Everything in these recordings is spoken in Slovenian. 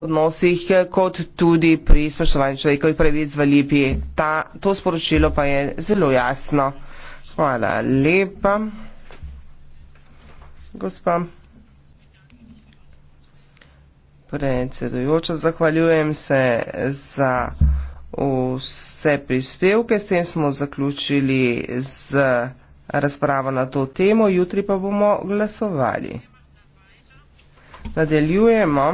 odnosih, eh, kot tudi pri spoštovanju človekovih pravic v Libiji. Ta, to sporočilo pa je zelo jasno. Hvala lepa. Gospa. Predsedujoča, zahvaljujem se za vse prispevke. S tem smo zaključili z razpravo na to temo. Jutri pa bomo glasovali. Nadaljujemo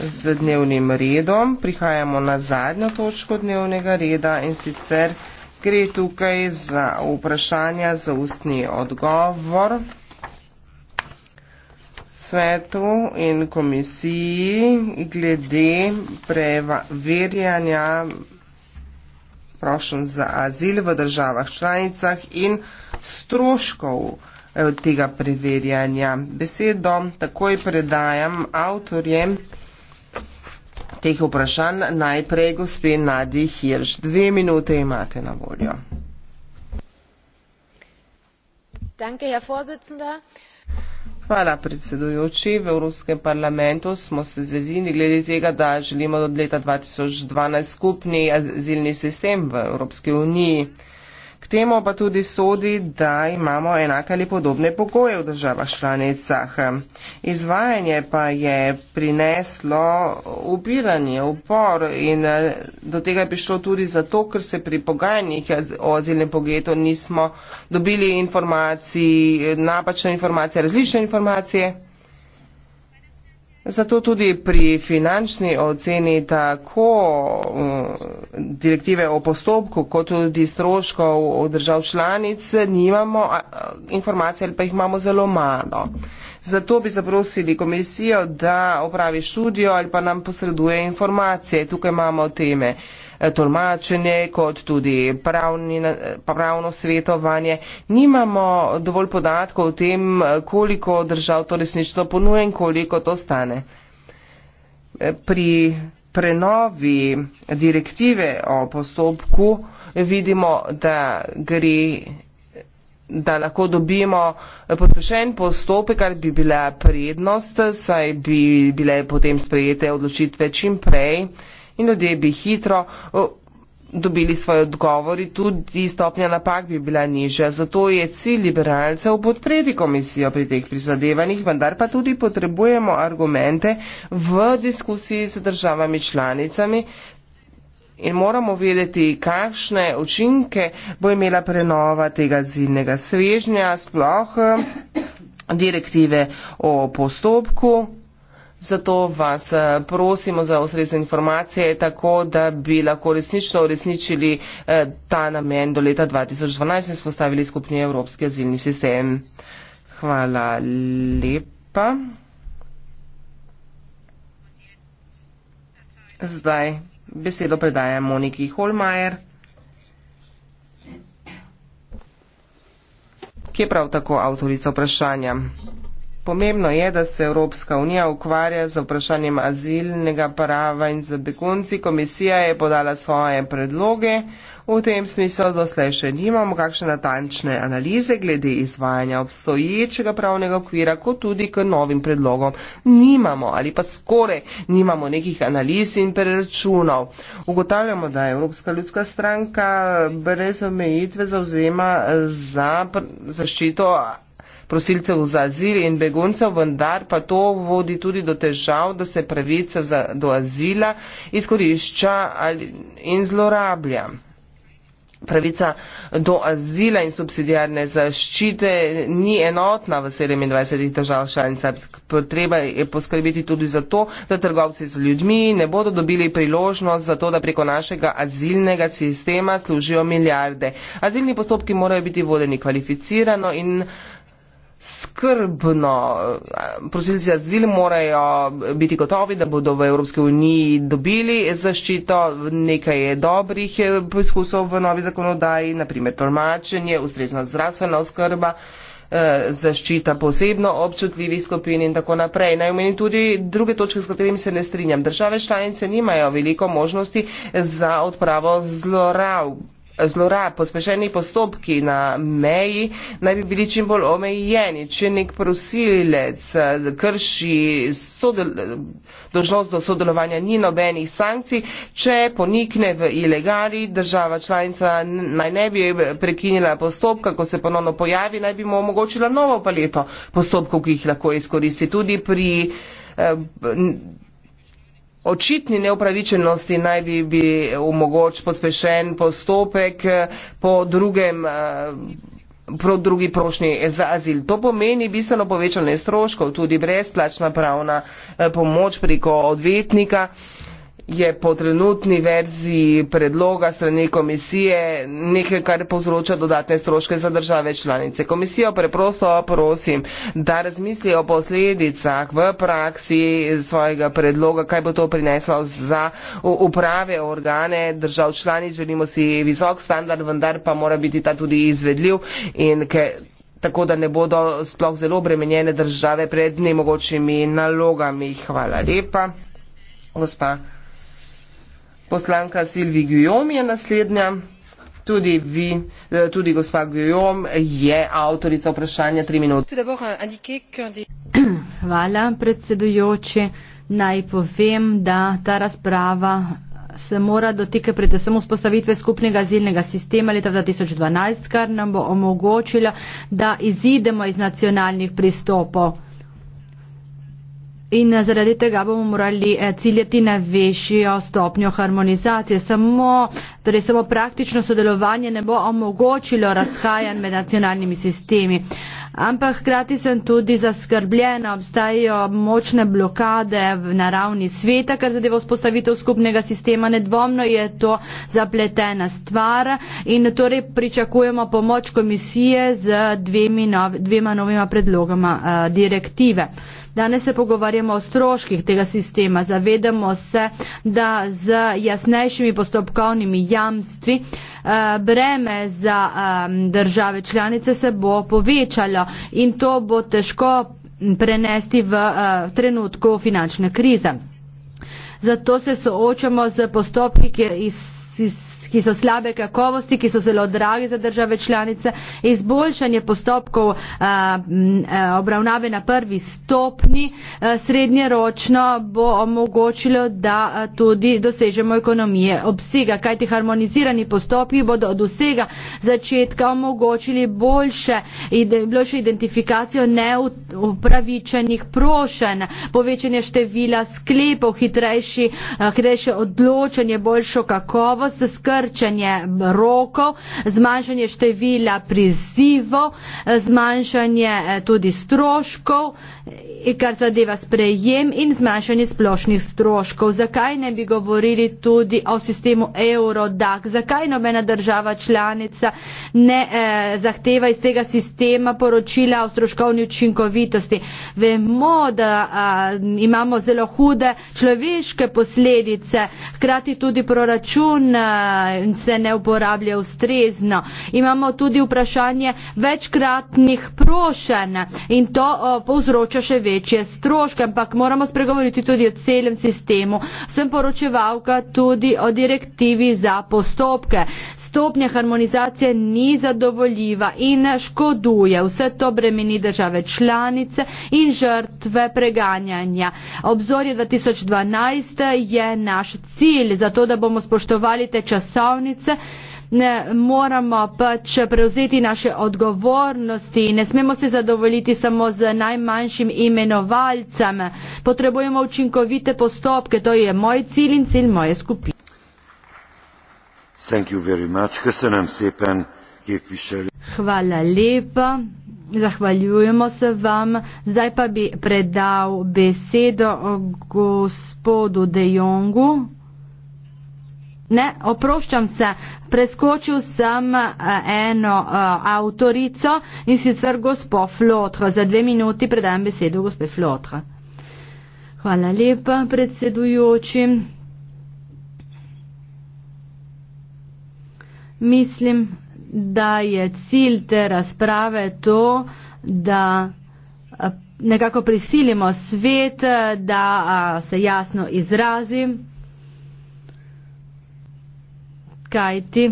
z dnevnim redom. Prihajamo na zadnjo točko dnevnega reda in sicer gre tukaj za vprašanja za ustni odgovor svetu in komisiji glede preverjanja prošen za azil v državah članicah in stroškov eh, tega preverjanja. Besedo takoj predajam avtorjem teh vprašanj. Najprej, gospe Nadi Hirš, dve minute imate na voljo. Danke, Hvala, predsedujoči. V Evropskem parlamentu smo se zredili glede tega, da želimo od leta 2012 skupni azilni sistem v Evropski uniji. K temu pa tudi sodi, da imamo enake ali podobne pogoje v državah članicah. Izvajanje pa je prineslo ubiranje, upor in eh, do tega je prišlo tudi zato, ker se pri pogajanjih o azilnem pogetu nismo dobili informacij, napačne informacije, različne informacije. Zato tudi pri finančni oceni tako mm, direktive o postopku, kot tudi stroškov držav članic nimamo informacije ali pa jih imamo zelo malo. Zato bi zaprosili komisijo, da opravi študijo ali pa nam posreduje informacije. Tukaj imamo teme. Eh, tolmačenje, kot tudi pravni, eh, pravno svetovanje. Nimamo dovolj podatkov o tem, eh, koliko držav to resnično ponuje in koliko to stane. Pri prenovi direktive o postopku vidimo, da gre da lahko dobimo podprešen postopek, kar bi bila prednost, saj bi bile potem sprejete odločitve čim prej in ljudje bi hitro dobili svoj odgovori, tudi stopnja napak bi bila nižja. Zato je cilj liberalcev podpreti komisijo pri teh prizadevanjih, vendar pa tudi potrebujemo argumente v diskusiji z državami članicami in moramo vedeti, kakšne učinke bo imela prenova tega zimnega svežnja, sploh direktive o postopku. Zato vas eh, prosimo za ustrezne informacije, tako da bi lahko resnično uresničili eh, ta namen do leta 2012 in spostavili skupni evropski azilni sistem. Hvala lepa. Zdaj besedo predaja Moniki Holmajer, ki je prav tako avtorica vprašanja. Pomembno je, da se Evropska unija ukvarja z vprašanjem azilnega prava in za begunci. Komisija je podala svoje predloge. V tem smislu doslej še nimamo kakšne natančne analize glede izvajanja obstoječega pravnega okvira, kot tudi k novim predlogom. Nimamo ali pa skoraj nimamo nekih analiz in preračunov. Ugotavljamo, da je Evropska ljudska stranka brez omejitve zauzema za zaščito prosilcev za azil in beguncev, vendar pa to vodi tudi do težav, da se pravica za, do azila izkorišča ali, in zlorablja. Pravica do azila in subsidijarne zaščite ni enotna v 27 držav članica. Potreba je poskrbiti tudi za to, da trgovci z ljudmi ne bodo dobili priložnost za to, da preko našega azilnega sistema služijo milijarde. Azilni postopki morajo biti vodeni kvalificirano in skrbno. Prosilci azil morajo biti gotovi, da bodo v Evropske uniji dobili zaščito. Nekaj je dobrih poizkusov v novi zakonodaji, naprimer tolmačenje, ustrezna zdravstvena oskrba eh, zaščita posebno občutljivih skupin in tako naprej. Naj omenim tudi druge točke, s katerimi se ne strinjam. Države članice nimajo veliko možnosti za odpravo zlorab zlorab, pospešeni postopki na meji naj bi bili čim bolj omejeni. Če nek prosilec eh, krši dožnost do sodelovanja, ni nobenih sankcij. Če ponikne v ilegali, država članica naj ne bi prekinila postopka, ko se ponovno pojavi, naj bi mu omogočila novo paleto postopkov, ki jih lahko izkoristi tudi pri. Eh, očitni neupravičenosti naj bi bi omogoč pospešen postopek eh, po drugem, eh, po drugi prošnji za azil. To pomeni bistveno povečanje stroškov, tudi brezplačna pravna eh, pomoč preko odvetnika je po trenutni verziji predloga strani komisije nekaj, kar povzroča dodatne stroške za države članice. Komisijo preprosto prosim, da razmisli o posledicah v praksi svojega predloga, kaj bo to prineslo za uprave, organe držav članic. Želimo si visok standard, vendar pa mora biti ta tudi izvedljiv in ke, tako, da ne bodo sploh zelo obremenjene države pred nemogočimi nalogami. Hvala lepa. Gospa. Poslanka Silvi Gujom je naslednja. Tudi vi, eh, tudi gospa Gujom je avtorica vprašanja 3 minute. Euh, Hvala, predsedujoči. Naj povem, da ta razprava se mora dotikati predvsem vzpostavitve skupnega azilnega sistema leta 2012, kar nam bo omogočila, da izidemo iz nacionalnih pristopov. In eh, zaradi tega bomo morali eh, ciljati na višjo stopnjo harmonizacije. Samo, torej samo praktično sodelovanje ne bo omogočilo razhajanj med nacionalnimi sistemi. Ampak hkrati sem tudi zaskrbljena, obstajajo močne blokade na ravni sveta, kar zadeva vzpostavitev skupnega sistema. Nedvomno je to zapletena stvar in torej pričakujemo pomoč komisije z dvema novima predlogama eh, direktive. Danes se pogovarjamo o stroških tega sistema. Zavedamo se, da z jasnejšimi postopkovnimi jamstvi eh, breme za države članice se bo povečalo in to bo težko prenesti v eh, trenutku finančne krize. Zato se soočamo z postopki, ki iz ki so slabe kakovosti, ki so zelo dragi za države članice, izboljšanje postopkov a, eh, eh, obravnave na prvi stopni eh, srednjeročno bo omogočilo, da tudi dosežemo ekonomije obsega, kajti harmonizirani postopki bodo od vsega začetka omogočili boljše, boljše identifikacijo neupravičenih prošenj, povečanje števila sklepov, hitrejši, hitrejše odločanje, boljšo kakovost, skrb krčenje rokov, zmanjšanje števila prizivov, eh, zmanjšanje eh, tudi stroškov kar zadeva sprejem in zmanjšanje splošnih stroškov. Zakaj ne bi govorili tudi o sistemu Eurodac? Zakaj nobena država članica ne eh, zahteva iz tega sistema poročila o stroškovni učinkovitosti? Vemo, da eh, imamo zelo hude človeške posledice, hkrati tudi proračun eh, se ne uporablja ustrezno. Imamo tudi vprašanje večkratnih prošen in to eh, povzroča še veliko večje stroške, ampak moramo spregovoriti tudi o celem sistemu. Sem poročevalka tudi o direktivi za postopke. Stopnja harmonizacije ni zadovoljiva in škoduje. Vse to bremeni države članice in žrtve preganjanja. Obzorje 2012 je naš cilj, zato da bomo spoštovali te časovnice ne moramo pač prevzeti naše odgovornosti, ne smemo se zadovoljiti samo z najmanjšim imenovalcem. Potrebujemo učinkovite postopke, to je moj cilj in cilj moje skupine. Thank you very much. Köszönöm szépen, képviselő. Hvala lepa. Zahvaljujemo se vam. Zdaj pa bi predal besedo gospodu De Jongu. Ne, oproščam se, preskočil sem eh, eno uh, avtorico in sicer gospod Flotra. Za dve minuti predajam besedo gospod Flotra. Hvala lepa, predsedujoči. Mislim, da je cilj te razprave to, da eh, nekako prisilimo svet, da se jasno izrazi kajti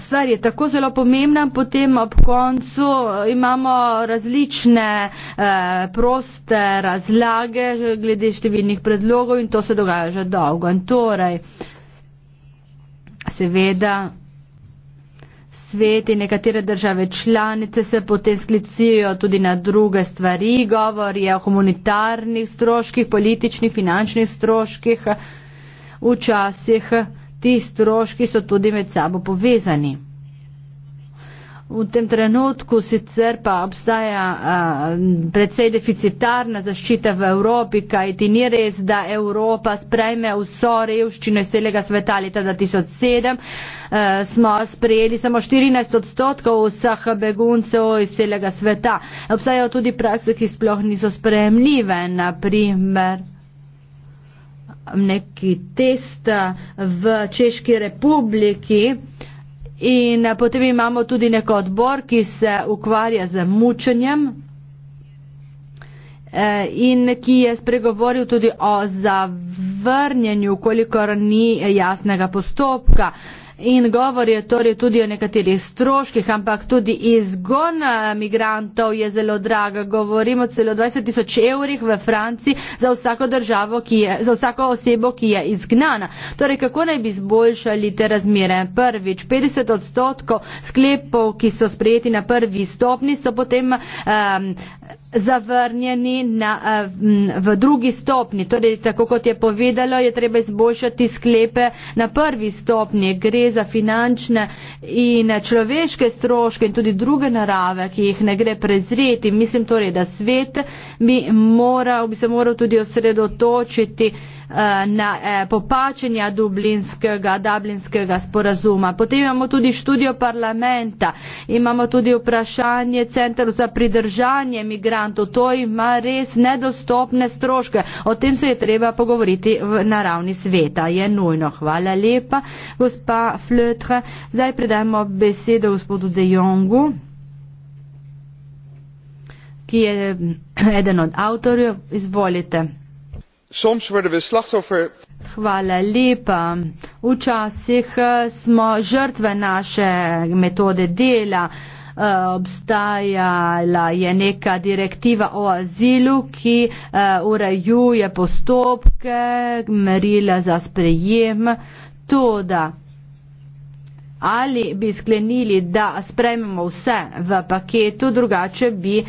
stvar je tako zelo pomembna, potem ob koncu imamo različne eh, proste razlage glede številnih predlogov in to se dogaja že dolgo. In torej, seveda, svet in nekatere države članice se potem sklicijo tudi na druge stvari, govor je o humanitarnih stroških, političnih, finančnih stroških, včasih. Eh, ti stroški so tudi med sabo povezani. V tem trenutku sicer pa obstaja a, predvsej deficitarna zaščita v Evropi, kajti ni res, da Evropa sprejme vso revščino iz celega sveta leta 2007. A, smo sprejeli samo 14 odstotkov vseh beguncev iz celega sveta. Obstajajo tudi prakse, ki sploh niso spremljive, naprimer. A, neki test eh, v Češki republiki. In eh, potem imamo tudi neko odbor, ki se ukvarja z mučenjem eh, in ki je spregovoril tudi o zavrnjenju, kolikor ni jasnega postopka. In govor je torej tudi o nekaterih stroških, ampak tudi izgon eh, migrantov je zelo drag. Govorimo celo 20 tisoč evrih v Franciji za vsako državo, je, za vsako osebo, ki je izgnana. Torej, kako naj bi zboljšali te razmere? Prvič, 50 odstotkov sklepov, ki so sprejeti na prvi stopni, so potem um, zavrnjeni na, eh, v drugi stopni. Torej, tako kot je povedalo, je treba izboljšati sklepe na prvi stopni. Gre za finančne in človeške stroške in tudi druge narave, ki jih ne gre prezreti. Mislim torej, da svet bi, moral, bi se moral tudi osredotočiti Eh, na, eh, popačenja dublinskega, dublinskega sporazuma. Potem imamo tudi študijo parlamenta, imamo tudi vprašanje centru za pridržanje migrantov. To ima res nedostopne stroške. O tem se je treba pogovoriti v naravni sveta. Je nujno. Hvala lepa, gospa Flötre. Zdaj predajmo besedo gospodu De Jongu ki je eden od avtorjev. Izvolite. Soms worden we slachtoffer. Hvala lepa. Včasih eh, smo žrtve naše metode dela. Eh, obstajala je neka direktiva o azilu, ki eh, urejuje postopke, merila za sprejem. Toda ali bi sklenili, da sprejmemo vse v paketu, drugače bi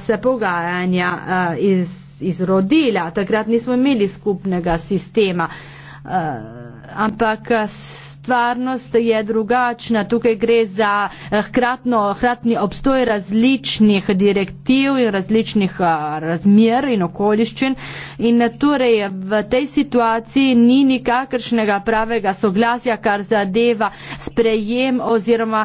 se pogajanja iz izrodila. Takrat nismo imeli skupnega sistema. Uh, ampak s stvarnost je drugačna. Tukaj gre za eh, hkratno, hkratni obstoj različnih direktiv in različnih eh, razmer in okoliščin. In eh, torej v tej situaciji ni nikakršnega pravega soglasja, kar zadeva sprejem oziroma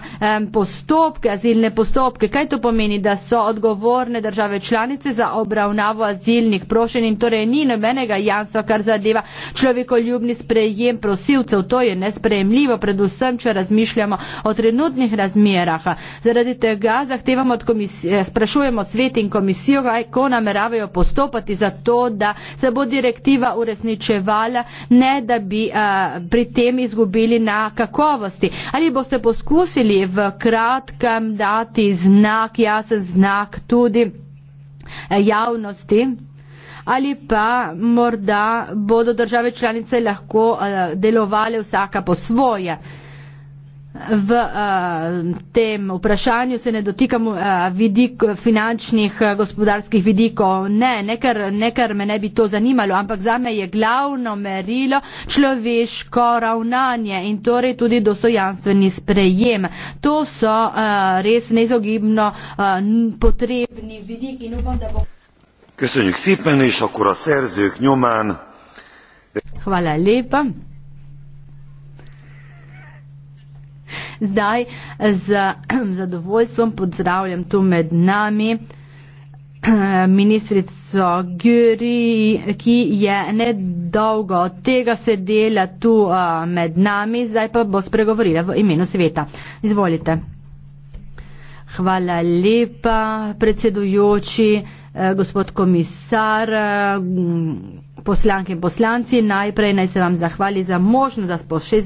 postopke, azilne postopke. Kaj to pomeni, da so odgovorne države članice za obravnavo azilnih prošenj in torej ni nobenega jamstva, kar zadeva človekoljubni sprejem prosilcev. To je nesprejem sprejemljivo, predvsem, če razmišljamo o trenutnih razmerah. Zaradi tega zahtevamo od komisije, sprašujemo svet in komisijo, kako nameravajo postopati za to, da se bo direktiva uresničevala, ne da bi a, eh, pri tem izgubili na kakovosti. Ali boste poskusili v kratkem dati znak, jasen znak tudi eh, javnosti? ali pa morda bodo države članice lahko eh, delovale vsaka po svoje. V uh, tem vprašanju se ne dotikamo uh, vidik, finančnih, uh, gospodarskih vidikov. Ne, nekar, nekar me ne bi to zanimalo, ampak za me je glavno merilo človeško ravnanje in torej tudi dostojanstveni sprejem. To so uh, res neizogibno uh, potrebni vidiki in upam, da bo. Köszönjük szépen, és akkor a szerzők nyomán... Hvala lepa. Zdaj z zadovoljstvom pozdravljam tu med nami ministrico Gyuri, ki je nedolgo od tega sedela tu med nami, zdaj pa bo spregovorila v imenu sveta. Izvolite. Hvala lepa, predsedujoči. Eh, gospod komisar, eh, poslanke in poslanci, najprej naj se vam zahvali za možno,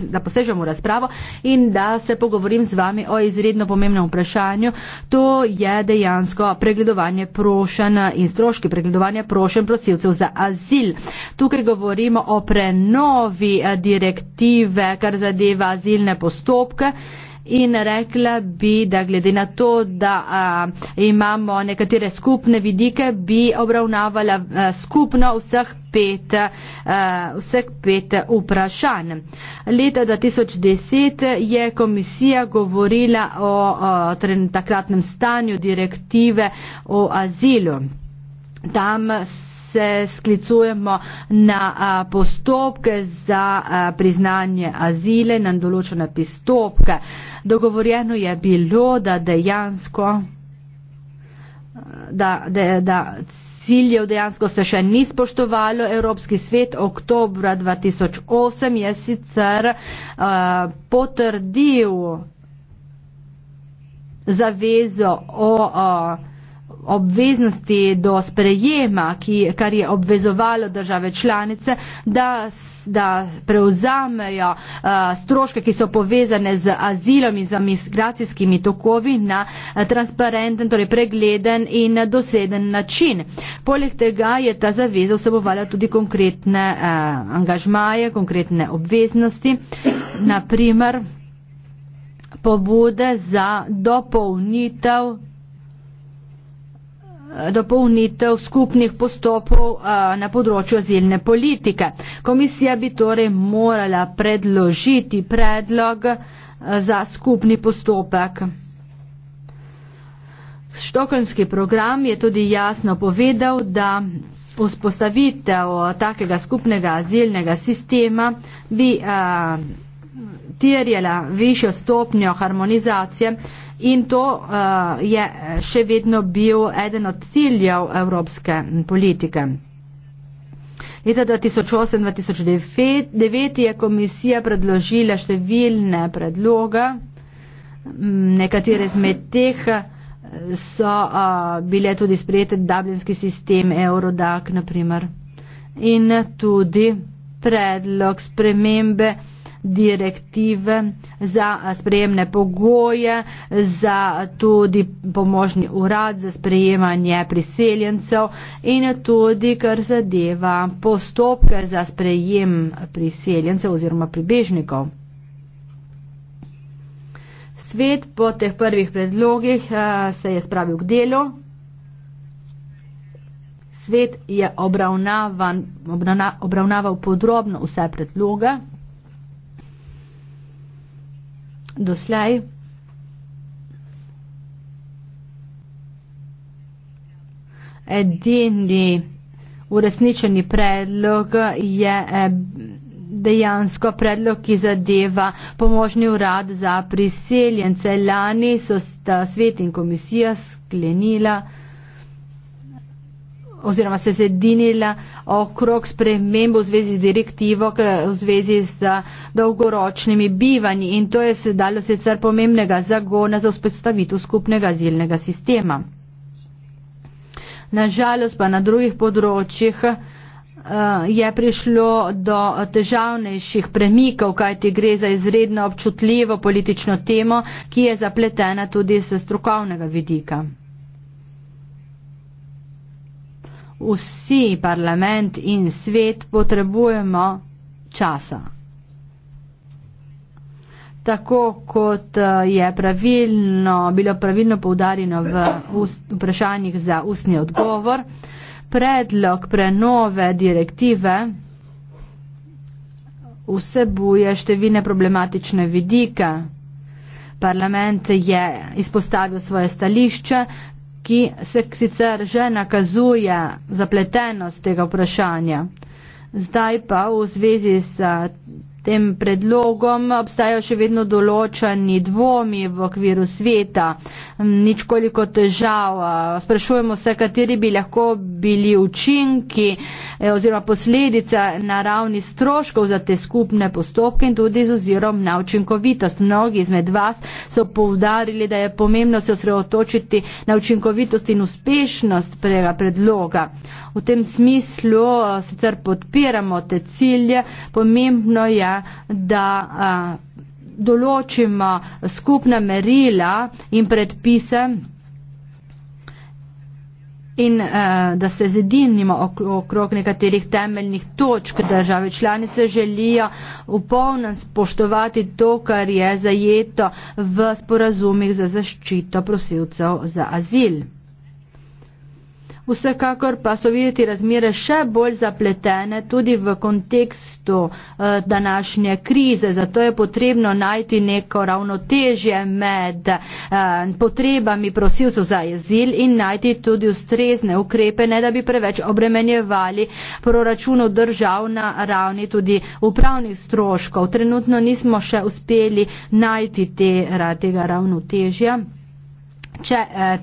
da posežemo v razpravo in da se pogovorim z vami o izredno pomembnem vprašanju. To je dejansko pregledovanje prošen in stroški pregledovanja prošen prosilcev za azil. Tukaj govorimo o prenovi eh, direktive, kar zadeva azilne postopke in rekla bi, da glede na to, da a, imamo nekatere skupne vidike, bi obravnavala a, skupno vseh pet, a, vseh pet vprašanj. Leta 2010 je komisija govorila o, o takratnem stanju direktive o azilu. Tam se sklicujemo na a, postopke za a, priznanje azile, na določene postopke. A, dogovorjeno je bilo, da dejansko, da, da, da ciljev dejansko se še ni spoštovalo. Evropski svet oktobra 2008 je sicer uh, potrdil zavezo o uh, obveznosti do sprejema, ki, kar je obvezovalo države članice, da, da preuzamejo uh, eh, stroške, ki so povezane z azilom in z migracijskimi tokovi na uh, transparenten, torej pregleden in dosreden način. Poleg tega je ta zaveza vsebovala tudi konkretne uh, angažmaje, konkretne obveznosti, naprimer pobude za dopolnitev dopolnitev skupnih postopov na področju azilne politike. Komisija bi torej morala predložiti predlog za skupni postopek. Štokholmski program je tudi jasno povedal, da vzpostavitev takega skupnega azilnega sistema bi a, terjala višjo stopnjo harmonizacije, in to uh, je še vedno bil eden od ciljev evropske politike. Leta 2008-2009 je komisija predložila številne predloge, nekatere izmed teh eh, so uh, bile tudi sprejete dublinski sistem Eurodac, naprimer, in tudi predlog spremembe uh, direktive za sprejemne pogoje, za tudi pomožni urad za sprejemanje priseljencev in tudi kar zadeva postopke za sprejem priseljencev oziroma pribežnikov. Svet po teh prvih predlogih eh, se je spravil k delu. Svet je obravnavan, obravnaval podrobno vse predloge doslej. Edini uresničeni predlog je eh, dejansko predlog, ki zadeva pomožni urad za priseljence. Lani so sveti in komisija sklenila, da oziroma se zedinila okrog sprememb v zvezi z direktivo, v zvezi z dolgoročnimi bivanji in to je sedalo sicer pomembnega zagona za vzpostavitev skupnega zilnega sistema. Nažalost pa na drugih področjih eh, je prišlo do težavnejših premikov, kajti gre za izredno občutljivo politično temo, ki je zapletena tudi z strokovnega vidika. vsi parlament in svet potrebujemo časa. Tako kot eh, je pravilno, bilo pravilno povdarjeno v vprašanjih za ustni odgovor, predlog prenove direktive vsebuje številne problematične vidike. Parlament je izpostavil svoje stališče, ki se sicer že nakazuje zapletenost tega vprašanja. Zdaj pa v zvezi s tem predlogom obstajajo še vedno določeni dvomi v okviru sveta nič koliko težav. Sprašujemo se, kateri bi lahko bili učinki e, oziroma posledice na ravni stroškov za te skupne postopke in tudi z ozirom na učinkovitost. Mnogi izmed vas so povdarili, da je pomembno se osredotočiti na učinkovitost in uspešnost prega predloga. V tem smislu e, sicer podpiramo te cilje, pomembno je, da a, določim eh, skupna merila in predpise in eh, da se zedinimo okrog nekaterih temeljnih točk države članice, želijo v polnem spoštovati to, kar je zajeto v sporazumih za zaščito prosilcev za azil. Vsekakor pa so videti razmere še bolj zapletene tudi v kontekstu uh, današnje krize, zato je potrebno najti neko ravnotežje med uh, potrebami prosilcev za jezil in najti tudi ustrezne ukrepe, ne da bi preveč obremenjevali proračunov držav na ravni tudi upravnih stroškov. Trenutno nismo še uspeli najti te, tega ravnotežja. Če eh,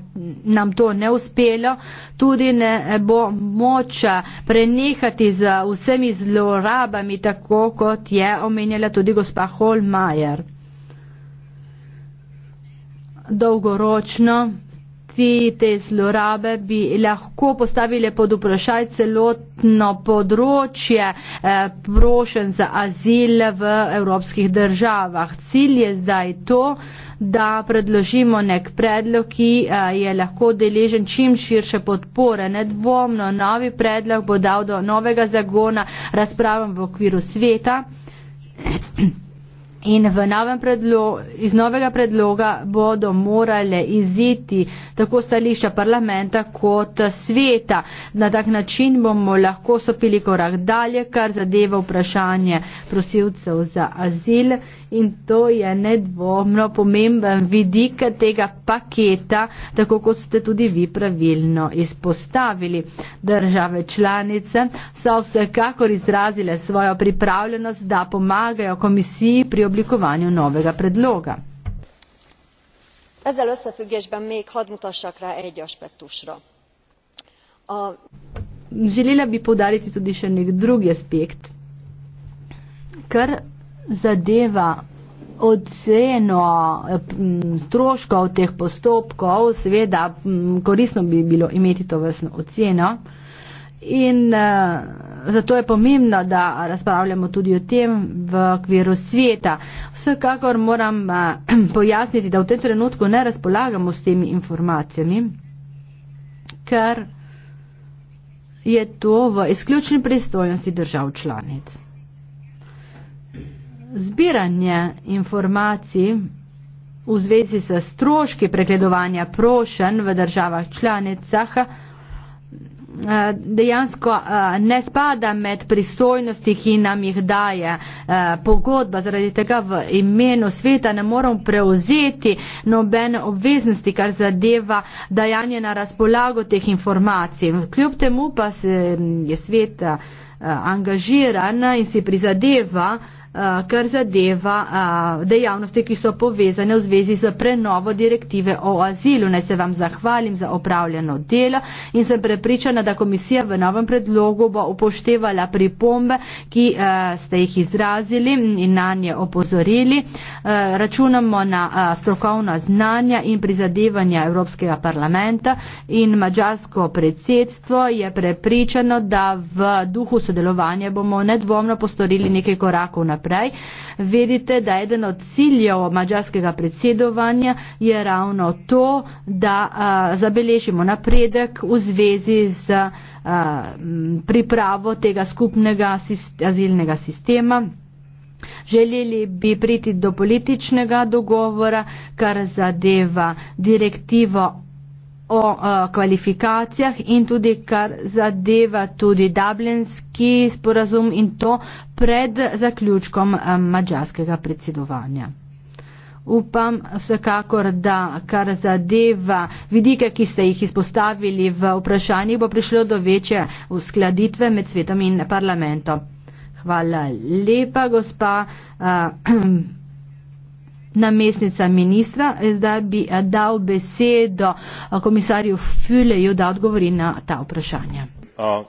nam to ne uspelo, tudi ne bo moča eh, prenehati z vsemi zlorabami, tako kot je omenjala tudi gospa Holmajer. Dolgoročno oblasti te zlorabe bi lahko postavile pod vprašaj celotno področje eh, prošen za azil v evropskih državah. Cilj je zdaj to, da predložimo nek predlog, ki eh, je lahko deležen čim širše podpore. Nedvomno novi predlog bo dal do novega zagona razpravam v okviru sveta. In v novem predlogu, iz novega predloga bodo morale iziti tako stališča parlamenta kot sveta. Na tak način bomo lahko sopili korak dalje, kar zadeva vprašanje prosilcev za azil In to je nedvomno pomemben vidik tega paketa, tako kot ste tudi vi pravilno izpostavili. Države članice so vsekakor izrazile svojo pripravljenost, da pomagajo komisiji pri oblikovanju novega predloga. Ezzel összefüggésben még hadd mutassak rá egy aspektusra. A... Želela bi podariti tudi še nek drugi aspekt, kar zadeva oceno eh, stroškov teh postopkov, seveda korisno bi bilo imeti to vrstno oceno. In uh, zato je pomembno, da razpravljamo tudi o tem v okviru sveta. Vsekakor moram uh, pojasniti, da v tem trenutku ne razpolagamo s temi informacijami, ker je to v izključni pristojnosti držav članic zbiranje informacij v zvezi s stroški pregledovanja prošen v državah članicah eh, dejansko eh, ne spada med pristojnosti, ki nam jih daje eh, pogodba. Zaradi tega v imenu sveta ne moramo prevzeti nobene obveznosti, kar zadeva dajanje na razpolago teh informacij. Kljub temu pa se mm, je svet angažiran in si prizadeva, Eh, kar zadeva eh, dejavnosti, ki so povezane v zvezi z prenovo direktive o azilu. Naj se vam zahvalim za opravljeno delo in sem prepričana, da komisija v novem predlogu bo upoštevala pripombe, ki eh, ste jih izrazili in na nje opozorili. Računamo na strokovna znanja in prizadevanja Evropskega parlamenta in mađarsko predsedstvo je prepričano, da v duhu sodelovanja bomo nedvomno postorili nekaj korakov naprej naprej, vedite, da eden od ciljev mađarskega predsedovanja je ravno to, da a, zabeležimo napredek v zvezi z a, pripravo tega skupnega sist azilnega sistema. Želeli bi priti do političnega dogovora, kar zadeva direktivo o uh, kvalifikacijah in tudi kar zadeva tudi Dublinski sporazum in to pred zaključkom uh, eh, mađarskega predsedovanja. Upam vsekakor, da kar zadeva vidike, ki ste jih izpostavili v vprašanju, bo prišlo do večje uskladitve med svetom in parlamentom. Hvala lepa, gospa. Uh, namestnica ministra, zdaj bi eh, dal besedo eh, komisarju Füleju, da odgovori na ta vprašanja. Uh,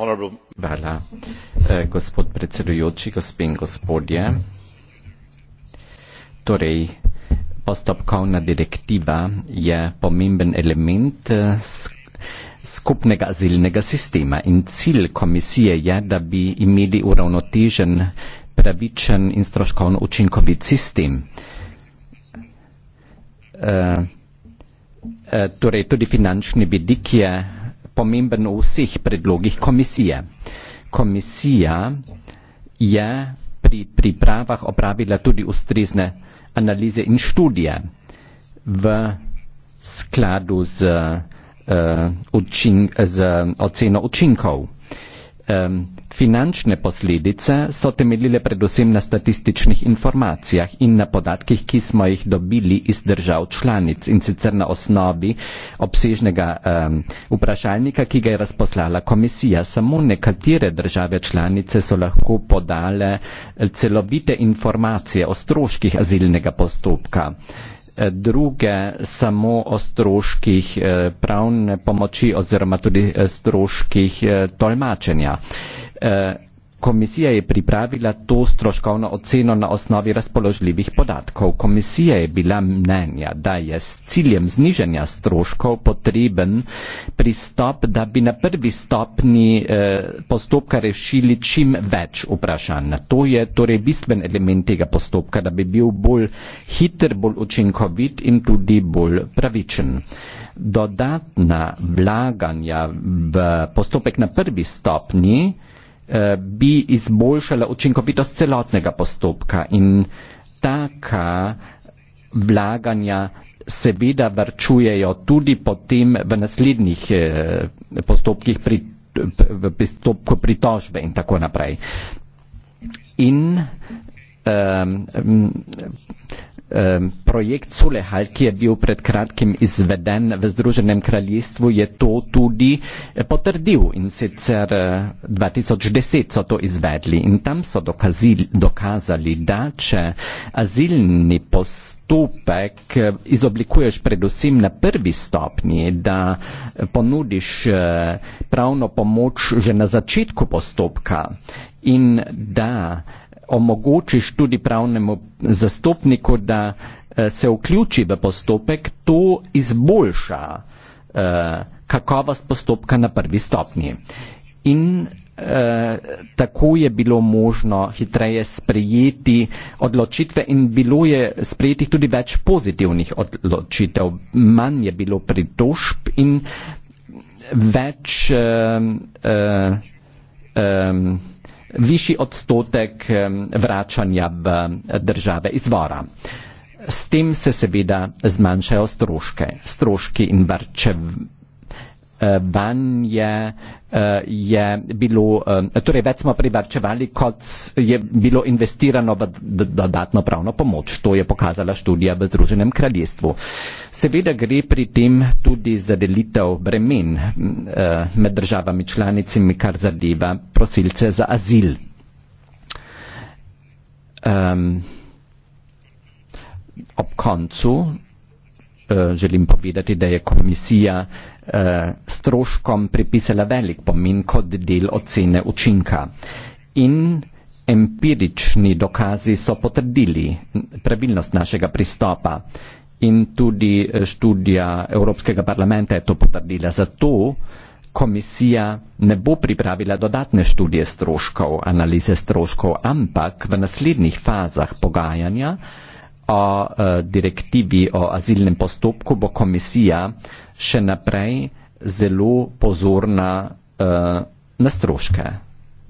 uh, Hvala, eh, gospod predsedujoči, gospe in gospodje. Torej, postopkovna direktiva je pomemben element skupnega azilnega sistema in cilj komisije je, da bi imeli uravnotežen pravičen in stroškovno učinkovit sistem. E, torej, tudi finančni vidik je pomemben v vseh predlogih komisije. Komisija je pri pripravah opravila tudi ustrezne analize in študije v skladu z, uh, učin z oceno učinkov um, finančne posledice so temeljile predvsem na statističnih informacijah in na podatkih, ki smo jih dobili iz držav članic in sicer na osnovi obsežnega um, vprašalnika, ki ga je razposlala komisija. Samo nekatere države članice so lahko podale eh, celovite informacije o stroških azilnega postopka. Uh, Eh, druge samo o stroških eh, pravne pomoči oziroma tudi eh, stroških tolmačenja. Komisija je pripravila to stroškovno oceno na osnovi razpoložljivih podatkov. Komisija je bila mnenja, da je s ciljem znižanja stroškov potreben pristop, da bi na prvi stopni eh, postopka rešili čim več vprašanj. To je torej bistven element tega postopka, da bi bil bolj hiter, bolj učinkovit in tudi bolj pravičen. Dodatna vlaganja v postopek na prvi stopni Eh, bi izboljšala učinkovitost celotnega postopka in taka vlaganja seveda vrčujejo tudi potem v naslednjih eh, postopkih pri, v postopku pritožbe in tako naprej. In um, projekt Suleha, ki je bil pred kratkim izveden v Združenem kraljestvu, je to tudi eh, potrdil in sicer 2010 eh, so to izvedli in tam so dokazili, dokazali, da če azilni postopek eh, izoblikuješ predvsem na prvi stopnji, da ponudiš pravno pomoč že na začetku postopka in da omogočiš tudi pravnemu zastopniku, da eh, se vključi v postopek, to izboljša eh, kakovost postopka na prvi stopnji. In eh, tako je bilo možno hitreje sprejeti odločitve in bilo je sprejetih tudi več pozitivnih odločitev. Manj je bilo pritožb in več. Eh, eh, eh, višji odstotek vračanja v države izvora. S tem se seveda zmanjšajo stroške, stroški in varčev, ven je, eh, je bilo, eh, torej več smo privrčevali, kot je bilo investirano v dodatno pravno pomoč. To je pokazala študija v Združenem kraljestvu. Seveda gre pri tem tudi za delitev bremen eh, med državami članicami, kar zadeva prosilce za azil. Um, ob koncu Eh, želim povedati, da je komisija eh, stroškom pripisala velik pomen kot del ocene učinka. In empirični dokazi so potrdili pravilnost našega pristopa. In tudi eh, študija Evropskega parlamenta je to potrdila. Zato komisija ne bo pripravila dodatne študije stroškov, analize stroškov, ampak v naslednjih fazah pogajanja uh, o uh, direktivi o azilnem postopku bo komisija še naprej zelo pozorna uh, na stroške,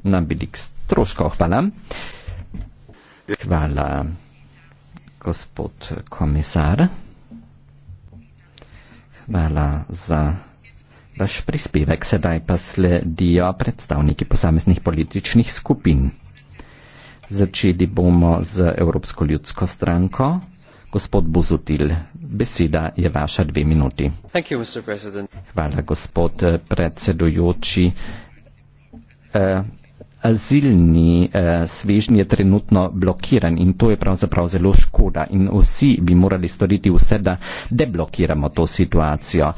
na velik stroškov. Hvala. Hvala, gospod komisar. Hvala za vaš prispevek. Sedaj pa sledijo predstavniki posameznih političnih skupin. Začeli bomo z Evropsko ljudsko stranko. Gospod Buzutil, beseda je vaša dve minuti. You, Hvala, gospod predsedujoči. Eh, azilni eh, svežn je trenutno blokiran in to je pravzaprav zelo škoda in vsi bi morali storiti vse, da deblokiramo to situacijo.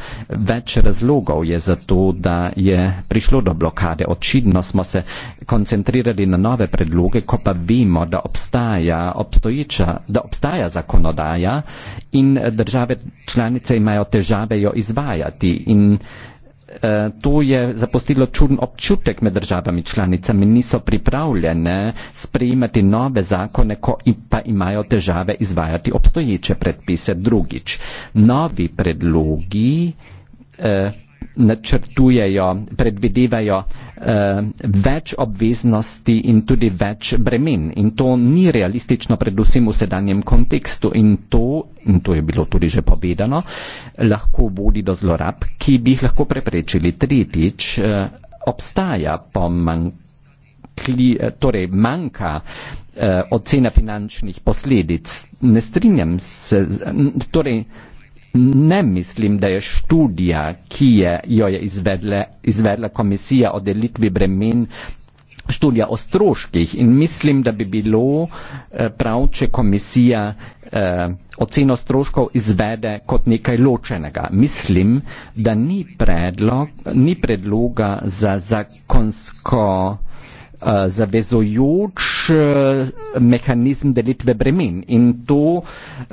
Več razlogov je za to, da je prišlo do blokade. Očitno smo se koncentrirali na nove predloge, ko pa vemo, da obstaja obstoječa, da obstaja zakonodaja in eh, države članice imajo težave jo izvajati. In, eh, Eh, to je zapustilo čuden občutek med državami članicami, niso pripravljene sprejemati nove zakone, ko pa imajo težave izvajati obstoječe predpise. Drugič, novi predlogi. Eh, načrtujejo, predvidevajo eh, več obveznosti in tudi več bremen. In to ni realistično, predvsem v sedanjem kontekstu. In to, in to je bilo tudi že povedano, lahko vodi do zlorab, ki bi jih lahko preprečili. Tretjič, eh, obstaja pomankli, eh, torej manjka eh, ocena finančnih posledic. Ne strinjam se, torej. Ne mislim, da je študija, ki je, jo je izvedle, izvedla komisija o delitvi bremen, študija o stroških in mislim, da bi bilo eh, prav, če komisija eh, oceno stroškov izvede kot nekaj ločenega. Mislim, da ni, predlog, ni predloga za zakonsko Eh, zavezojoč eh, mehanizem delitve bremen in to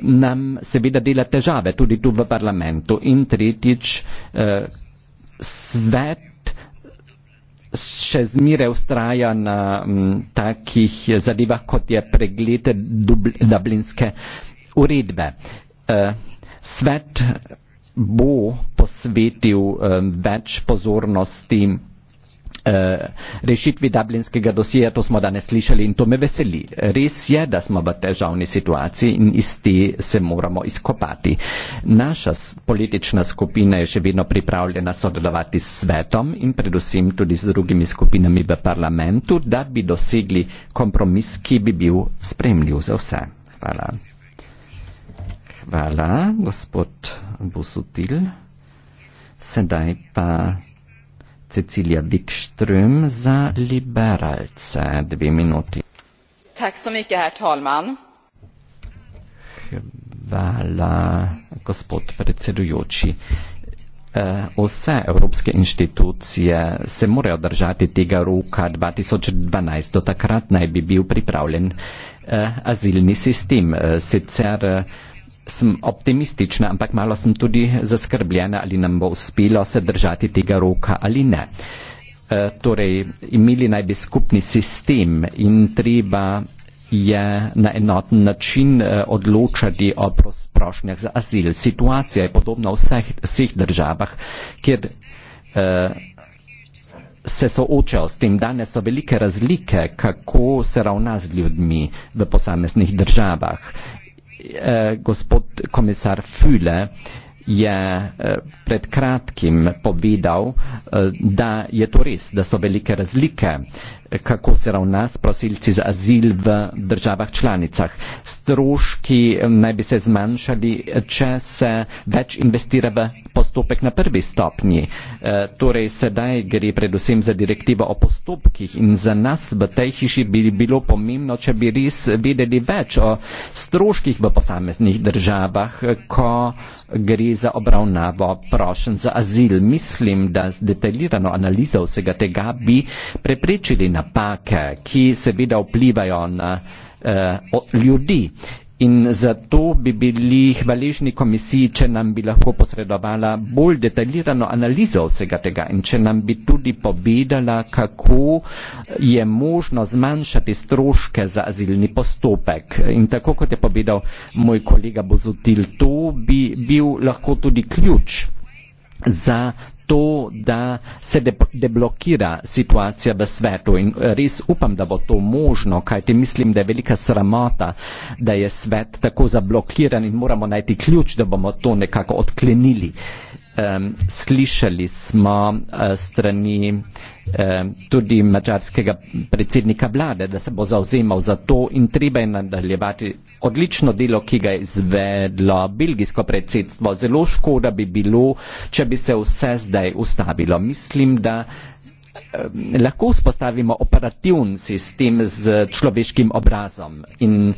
nam seveda dela težave tudi tu v parlamentu. In tretjič, eh, svet še zmeraj ustraja na mm, takih zadevah, kot je pregled dublinske uredbe. Svet bo posvetil več pozornosti Eh, rešitvi dublinskega dosija, to smo danes slišali in to me veseli. Res je, da smo v težavni situaciji in iz te se moramo izkopati. Naša politična skupina je še vedno pripravljena sodelovati s svetom in predvsem tudi z drugimi skupinami v parlamentu, da bi dosegli kompromis, ki bi bil spremljiv za vse. Hvala. Hvala, gospod Busutil. Sedaj pa Cecilia Wikström za Liberalce. Dve minuti. Tack så mycket, herr talman. Hvala, gospod predsedujoči. Eh, vse evropske inštitucije se morajo držati tega roka 2012. Do takrat naj bi bil pripravljen eh, azilni sistem. Eh, sicer sem optimistična, ampak malo sem tudi zaskrbljena, ali nam bo uspelo se držati tega roka ali ne. E, torej, imeli naj bi skupni sistem in treba je na enoten način e, odločati o prošnjah za azil. Situacija je podobna v vseh, vseh državah, kjer e, se soočajo s tem. Danes so velike razlike, kako se ravna z ljudmi v posameznih državah. Eh, gospod komisar Füle je eh, pred kratkim povedal, eh, da je to res, da so velike razlike kako se ravna s prosilci za azil v državah članicah. Stroški eh, naj bi se zmanjšali, eh, če se več investira v postopek na prvi stopnji. E, torej sedaj gre predvsem za direktivo o postopkih in za nas v tej hiši bi bilo pomembno, če bi res vedeli več o stroških v posameznih državah, ko gre za obravnavo prošen za azil. Mislim, da z detaljirano analizo vsega tega bi preprečili na napake, ki seveda vplivajo na eh, ljudi. In zato bi bili hvaležni komisiji, če nam bi lahko posredovala bolj detaljirano analizo vsega tega in če nam bi tudi povedala, kako je možno zmanjšati stroške za azilni postopek. In tako kot je povedal moj kolega Bozutil, to bi bil lahko tudi ključ za to, da se deblokira situacija v svetu in eh, res upam, da bo to možno, kajti mislim, da je velika sramota, da je svet tako zablokiran in moramo najti ključ, da bomo to nekako odklenili. Um, slišali smo uh, strani uh, tudi mačarskega predsednika vlade, da se bo zauzemal za to in treba je nadaljevati odlično delo, ki ga je izvedlo belgijsko predsedstvo. Zelo škoda bi bilo, če bi se vse zdaj ustavilo. Mislim, da lahko vzpostavimo operativni sistem z človeškim obrazom in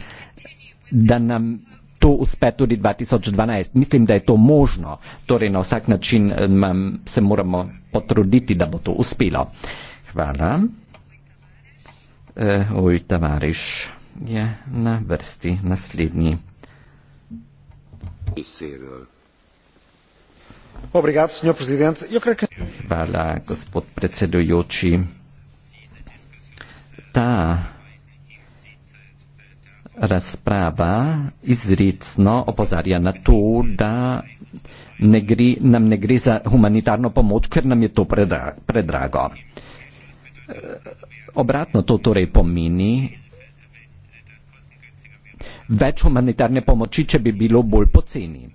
da nam to uspe tudi 2012. Mislim, da je to možno. Torej, na vsak način eh, se moramo potruditi, da bo to uspelo. Hvala. Uh, oj, Tavariš je na vrsti naslednji. Obrigado, senhor presidente. Eu creio que... Hvala, gospod predsedujoči. Ta razprava izrecno opozarja na to, da ne gre, nam ne gre za humanitarno pomoč, ker nam je to predra, predrago. Eh, obratno to torej pomeni več humanitarne pomoči, če bi bilo bolj poceni.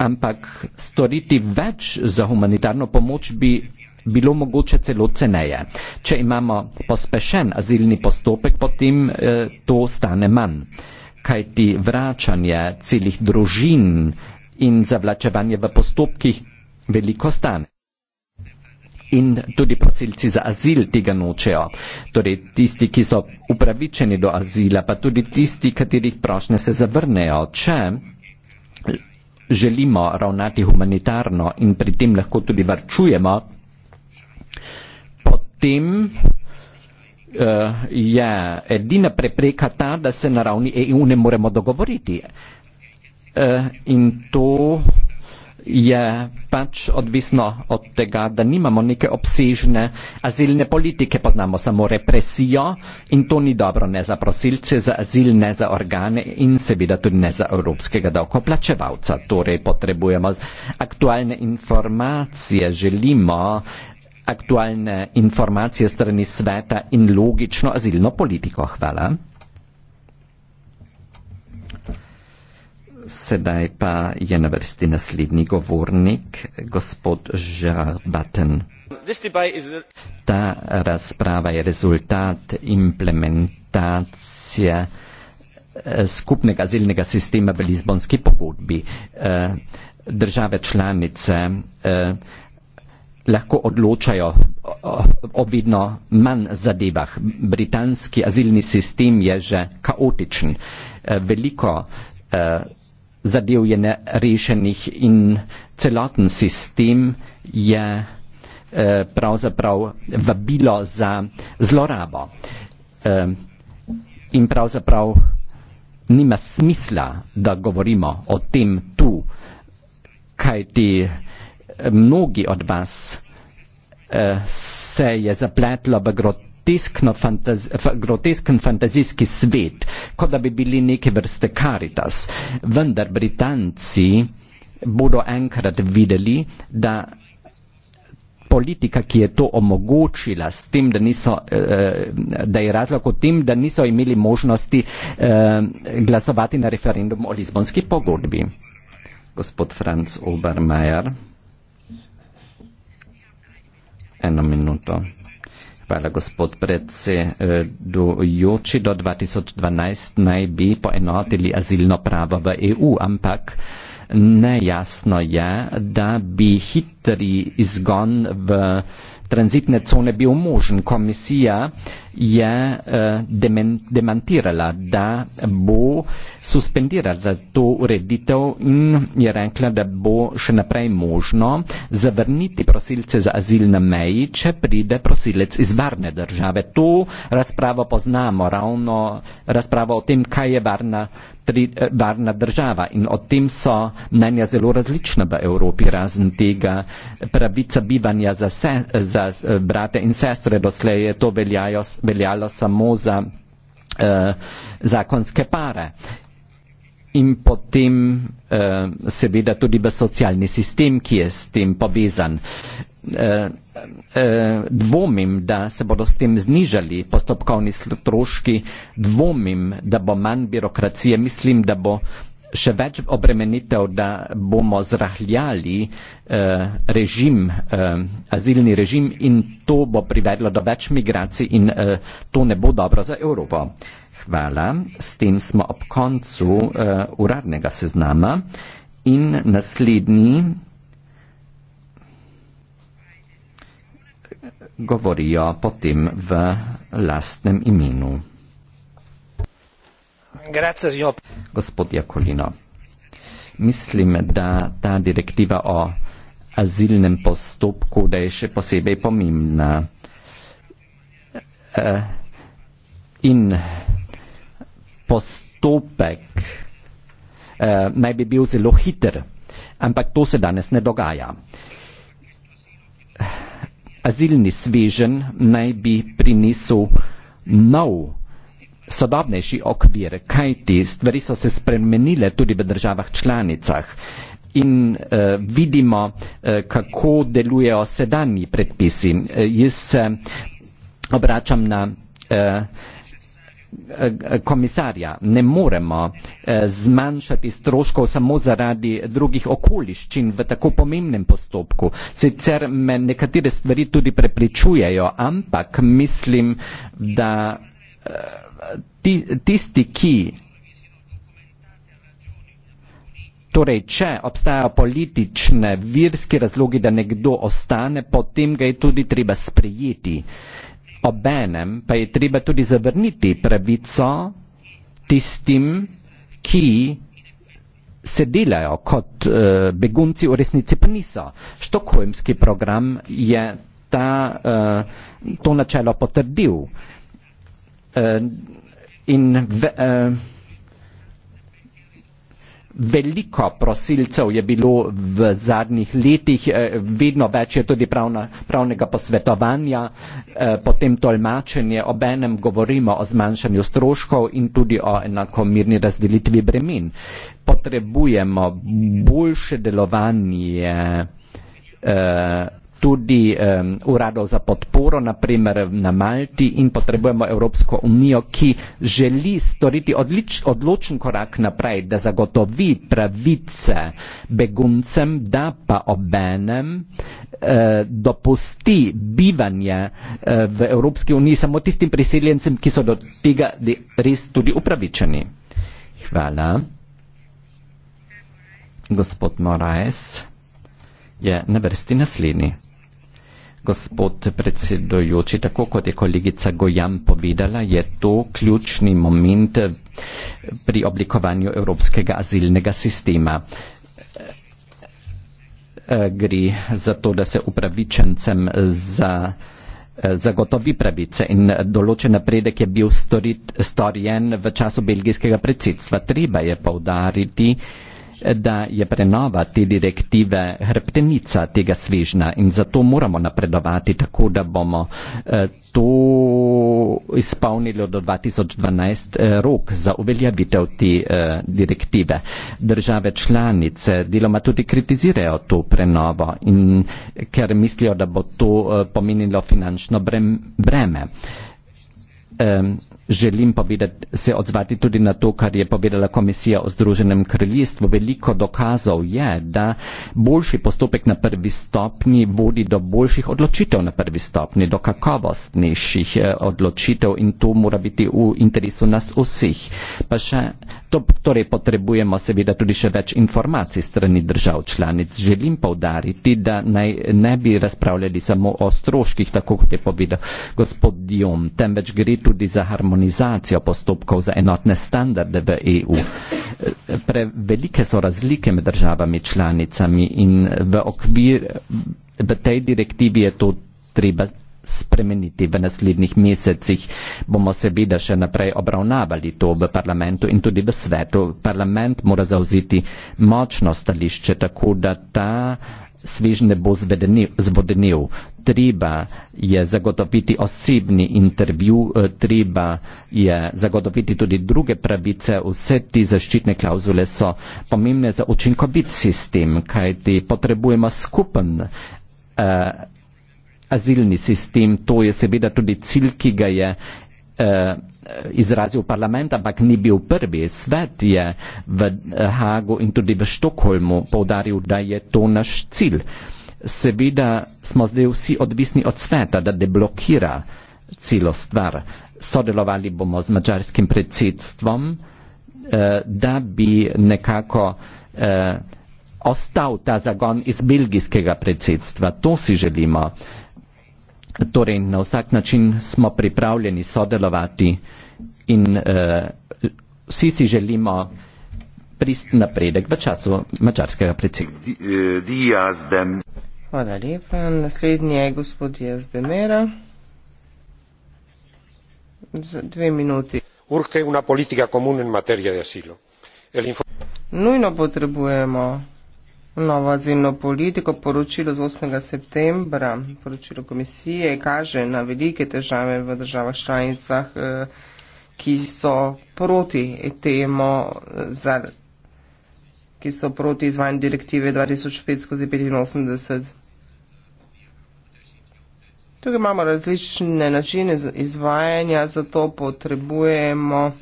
Ampak storiti več za humanitarno pomoč bi bilo mogoče celo ceneje. Če imamo pospešen azilni postopek, potem eh, to stane manj. Kaj ti vračanje celih družin in zavlačevanje v postopkih veliko stane. In tudi prosilci za azil tega nočejo. Torej tisti, ki so upravičeni do azila, pa tudi tisti, katerih prošnje se zavrnejo. Če želimo ravnati humanitarno in pri tem lahko tudi varčujemo, Potem uh, je edina prepreka ta, da se na ravni EU ne moremo dogovoriti. Uh, in to je pač odvisno od tega, da nimamo neke obsežne azilne politike, poznamo samo represijo in to ni dobro ne za prosilce, za azil, ne za organe in seveda tudi ne za evropskega davkoplačevalca. Torej potrebujemo aktualne informacije, želimo uh, aktualne informacije strani sveta in logično azilno politiko. Hvala. Sedaj pa je na vrsti naslednji govornik, gospod Gerard Batten. Ta razprava je rezultat implementacije eh, skupnega azilnega sistema v Lizbonski pogodbi. Eh, države članice eh, lahko odločajo o, o vidno manj zadevah. Britanski azilni sistem je že kaotičen. Eh, veliko eh, zadev je nerešenih in celoten sistem je eh, pravzaprav vabilo za zlorabo. Eh, in pravzaprav nima smisla, da govorimo o tem tu, kaj ti te mnogi od vas eh, se je zapletlo v groteskno fantazi, grotesken fantazijski svet, kot da bi bili neke vrste karitas. Vendar Britanci bodo enkrat videli, da politika, ki je to omogočila s tem, da, niso, eh, da je razlog v tem, da niso imeli možnosti eh, glasovati na referendum o Lizbonski pogodbi. Gospod Franz Obermeier eno minuto. Hvala, gospod predse. Do juči do 2012 naj bi poenotili azilno pravo v EU, ampak nejasno je, da bi hitri izgon v tranzitne cone bil možen. Komisija je uh, demen, demantirala, da bo suspendirala to ureditev in je rekla, da bo še naprej možno zavrniti prosilce za azil na meji, če pride prosilec iz varne države. To razpravo poznamo, ravno razpravo o tem, kaj je varna tri, eh, varna država in o tem so mnenja zelo različna v Evropi, razen tega eh, pravica bivanja za, se, eh, za brate in sestre, doslej je to veljajo, veljalo samo za uh, zakonske pare in potem eh, seveda tudi v socialni sistem, ki je s tem povezan. Eh, eh, dvomim, da se bodo s tem znižali postopkovni stroški, dvomim, da bo manj birokracije, mislim, da bo še več obremenitev, da bomo zrahljali eh, režim, eh, azilni režim in to bo privedlo do več migracij in eh, to ne bo dobro za Evropo. Hvala. S tem smo ob koncu uh, uradnega seznama in naslednji eh, govorijo potem v lastnem imenu. Grazie, Gospod Jakolino, mislim, da ta direktiva o azilnem postopku, da je še posebej pomembna. Uh, in postopek eh, naj bi bil zelo hiter, ampak to se danes ne dogaja. Azilni svežen naj bi prinesel nov, sodobnejši okvir, kajti stvari so se spremenile tudi v državah članicah in eh, vidimo, eh, kako delujejo sedanji predpisi. Eh, jaz se obračam na eh, Eh, komisarja. Ne moremo eh, zmanjšati stroškov samo zaradi drugih okoliščin v tako pomembnem postopku. Sicer me nekatere stvari tudi prepričujejo, ampak mislim, da eh, tisti, ki Torej, če obstajajo politične, virski razlogi, da nekdo ostane, potem ga je tudi treba sprejeti obenem pa je treba tudi zavrniti pravico tistim, ki se delajo kot uh, begunci, v resnici pa niso. Štokholmski program je ta, uh, to načelo potrdil. Uh, in ve, uh, Veliko prosilcev je bilo v zadnjih letih, eh, vedno več je tudi pravna, pravnega posvetovanja, eh, potem tolmačenje, obenem govorimo o zmanjšanju stroškov in tudi o enakomirni razdelitvi bremen. Potrebujemo boljše delovanje. Eh, tudi um, uradov za podporo, naprimer na Malti in potrebujemo Evropsko unijo, ki želi storiti odlič, odločen korak naprej, da zagotovi pravice beguncem, da pa obenem uh, dopusti bivanje uh, v Evropski uniji samo tistim priseljencem, ki so do tega res tudi upravičeni. Hvala. Gospod Moraes je na vrsti naslednji gospod predsedujoči, tako kot je kolegica Gojan povedala, je to ključni moment pri oblikovanju evropskega azilnega sistema. Gre za to, da se upravičencem za zagotovi pravice in določen napredek je bil storit, storjen v času belgijskega predsedstva. Treba je povdariti, da je prenova te direktive hrbtenica tega svežna in zato moramo napredovati tako, da bomo eh, to izpolnili do 2012 eh, rok za uveljavitev te eh, direktive. Države članice deloma tudi kritizirajo to prenovo, in, ker mislijo, da bo to pomenilo finančno breme um, želim povedati, se odzvati tudi na to, kar je povedala komisija o Združenem kraljestvu. Veliko dokazov je, da boljši postopek na prvi stopni vodi do boljših odločitev na prvi stopni, do kakovostnejših eh, odločitev in to mora biti v interesu nas vseh. Pa še To torej potrebujemo seveda tudi še več informacij strani držav članic. Želim povdariti, da naj ne bi razpravljali samo o stroških, tako kot je povedal gospod Jom, temveč gre tudi za harmonizacijo postopkov za enotne standarde v EU. Prevelike so razlike med državami članicami in v, okvir, v tej direktivi je to treba spremeniti v naslednjih mesecih. Bomo seveda še naprej obravnavali to v parlamentu in tudi v svetu. Parlament mora zauziti močno stališče, tako da ta svež ne bo zvodenil. Treba je zagotoviti osebni intervju, eh, treba je zagotoviti tudi druge pravice, vse te zaščitne klauzule so pomembne za učinkovit sistem, kajti potrebujemo skupen. Uh, azilni sistem. To je seveda tudi cilj, ki ga je eh, izrazil parlament, ampak ni bil prvi. Svet je v eh, Hagu in tudi v Štokholmu povdaril, da je to naš cilj. Seveda smo zdaj vsi odvisni od sveta, da deblokira celo stvar. Sodelovali bomo z mačarskim predsedstvom, eh, da bi nekako ostal ta zagon iz belgijskega predsedstva. To si želimo. Torej, na vsak način smo pripravljeni sodelovati in uh, vsi si želimo prist napredek v času mačarskega predsednika. Eh, Hvala lepa. Naslednji je gospod Jazdemera. Za dve minuti. Urge una politika komunen materija de asilo. Nujno potrebujemo Nova zemljo politiko, poročilo z 8. septembra, poročilo komisije kaže na velike težave v državah članicah, eh, ki so proti temu, eh, ki so proti izvajanju direktive 2005-85. Tukaj imamo različne načine izvajanja, zato potrebujemo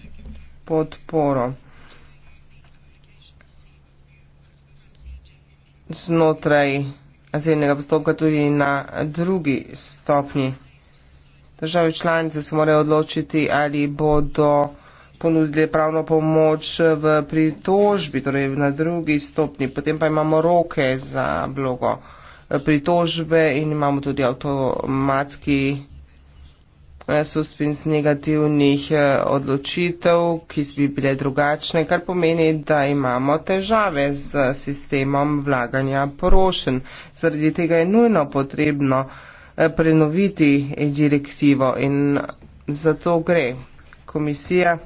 podporo. znotraj azilnega postopka tudi na drugi stopni. Države članice se morajo odločiti, ali bodo ponudili pravno pomoč v pritožbi, torej na drugi stopni. Potem pa imamo roke za blogo eh, pritožbe in imamo tudi avtomatski suspins negativnih eh, odločitev, ki bi bile drugačne, kar pomeni, da imamo težave z sistemom vlaganja porošen. Zaradi tega je nujno potrebno eh, prenoviti direktivo in zato gre komisija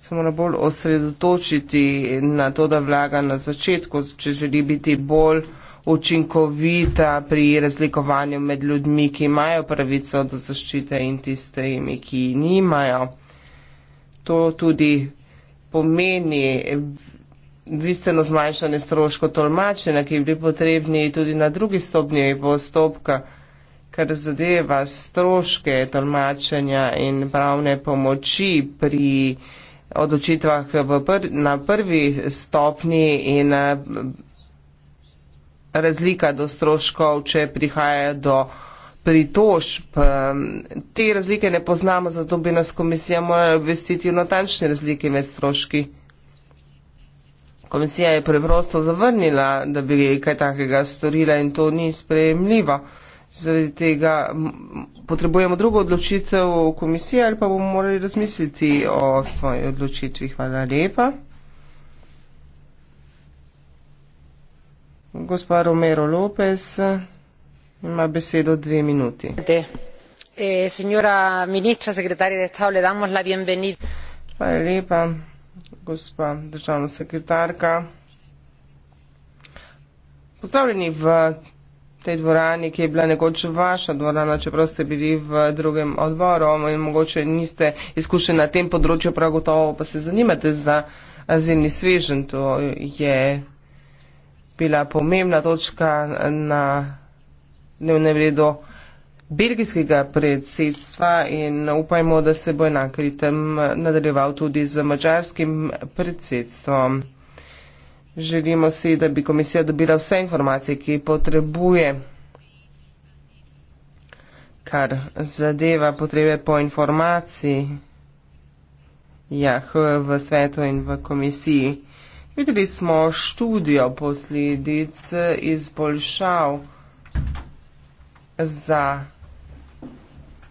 se mora bolj osredotočiti na to, da vlaga na začetku, če želi biti bolj učinkovita pri razlikovanju med ljudmi, ki imajo pravico do zaščite in tistimi, ki nimajo. To tudi pomeni bistveno zmanjšanje stroško tolmačenja, ki bi potrebni tudi na drugi stopnji postopka, kar zadeva stroške tolmačenja in pravne pomoči pri odločitvah pr na prvi stopnji in razlika do stroškov, če prihaja do pritožb. Te razlike ne poznamo, zato bi nas komisija morala obvestiti o natančni razliki med stroški. Komisija je preprosto zavrnila, da bi kaj takega storila in to ni sprejemljivo. Zaradi tega potrebujemo drugo odločitev komisije ali pa bomo morali razmisliti o svoji odločitvi. Hvala lepa. Gospa Romero Lopez ima besedo dve minuti. Eh, Hvala lepa, gospa državna sekretarka. Pozdravljeni v tej dvorani, ki je bila nekoč vaša dvorana, čeprav ste bili v drugem odboru in mogoče niste izkušeni na tem področju, prav gotovo pa se zanimate za zemni svežen. To je bila pomembna točka na dnevnem redu belgijskega predsedstva in upajmo, da se bo enak ritem nadaljeval tudi z mačarskim predsedstvom. Želimo si, da bi komisija dobila vse informacije, ki potrebuje, kar zadeva potrebe po informaciji jah, v svetu in v komisiji. Videli smo študijo posledic izboljšav za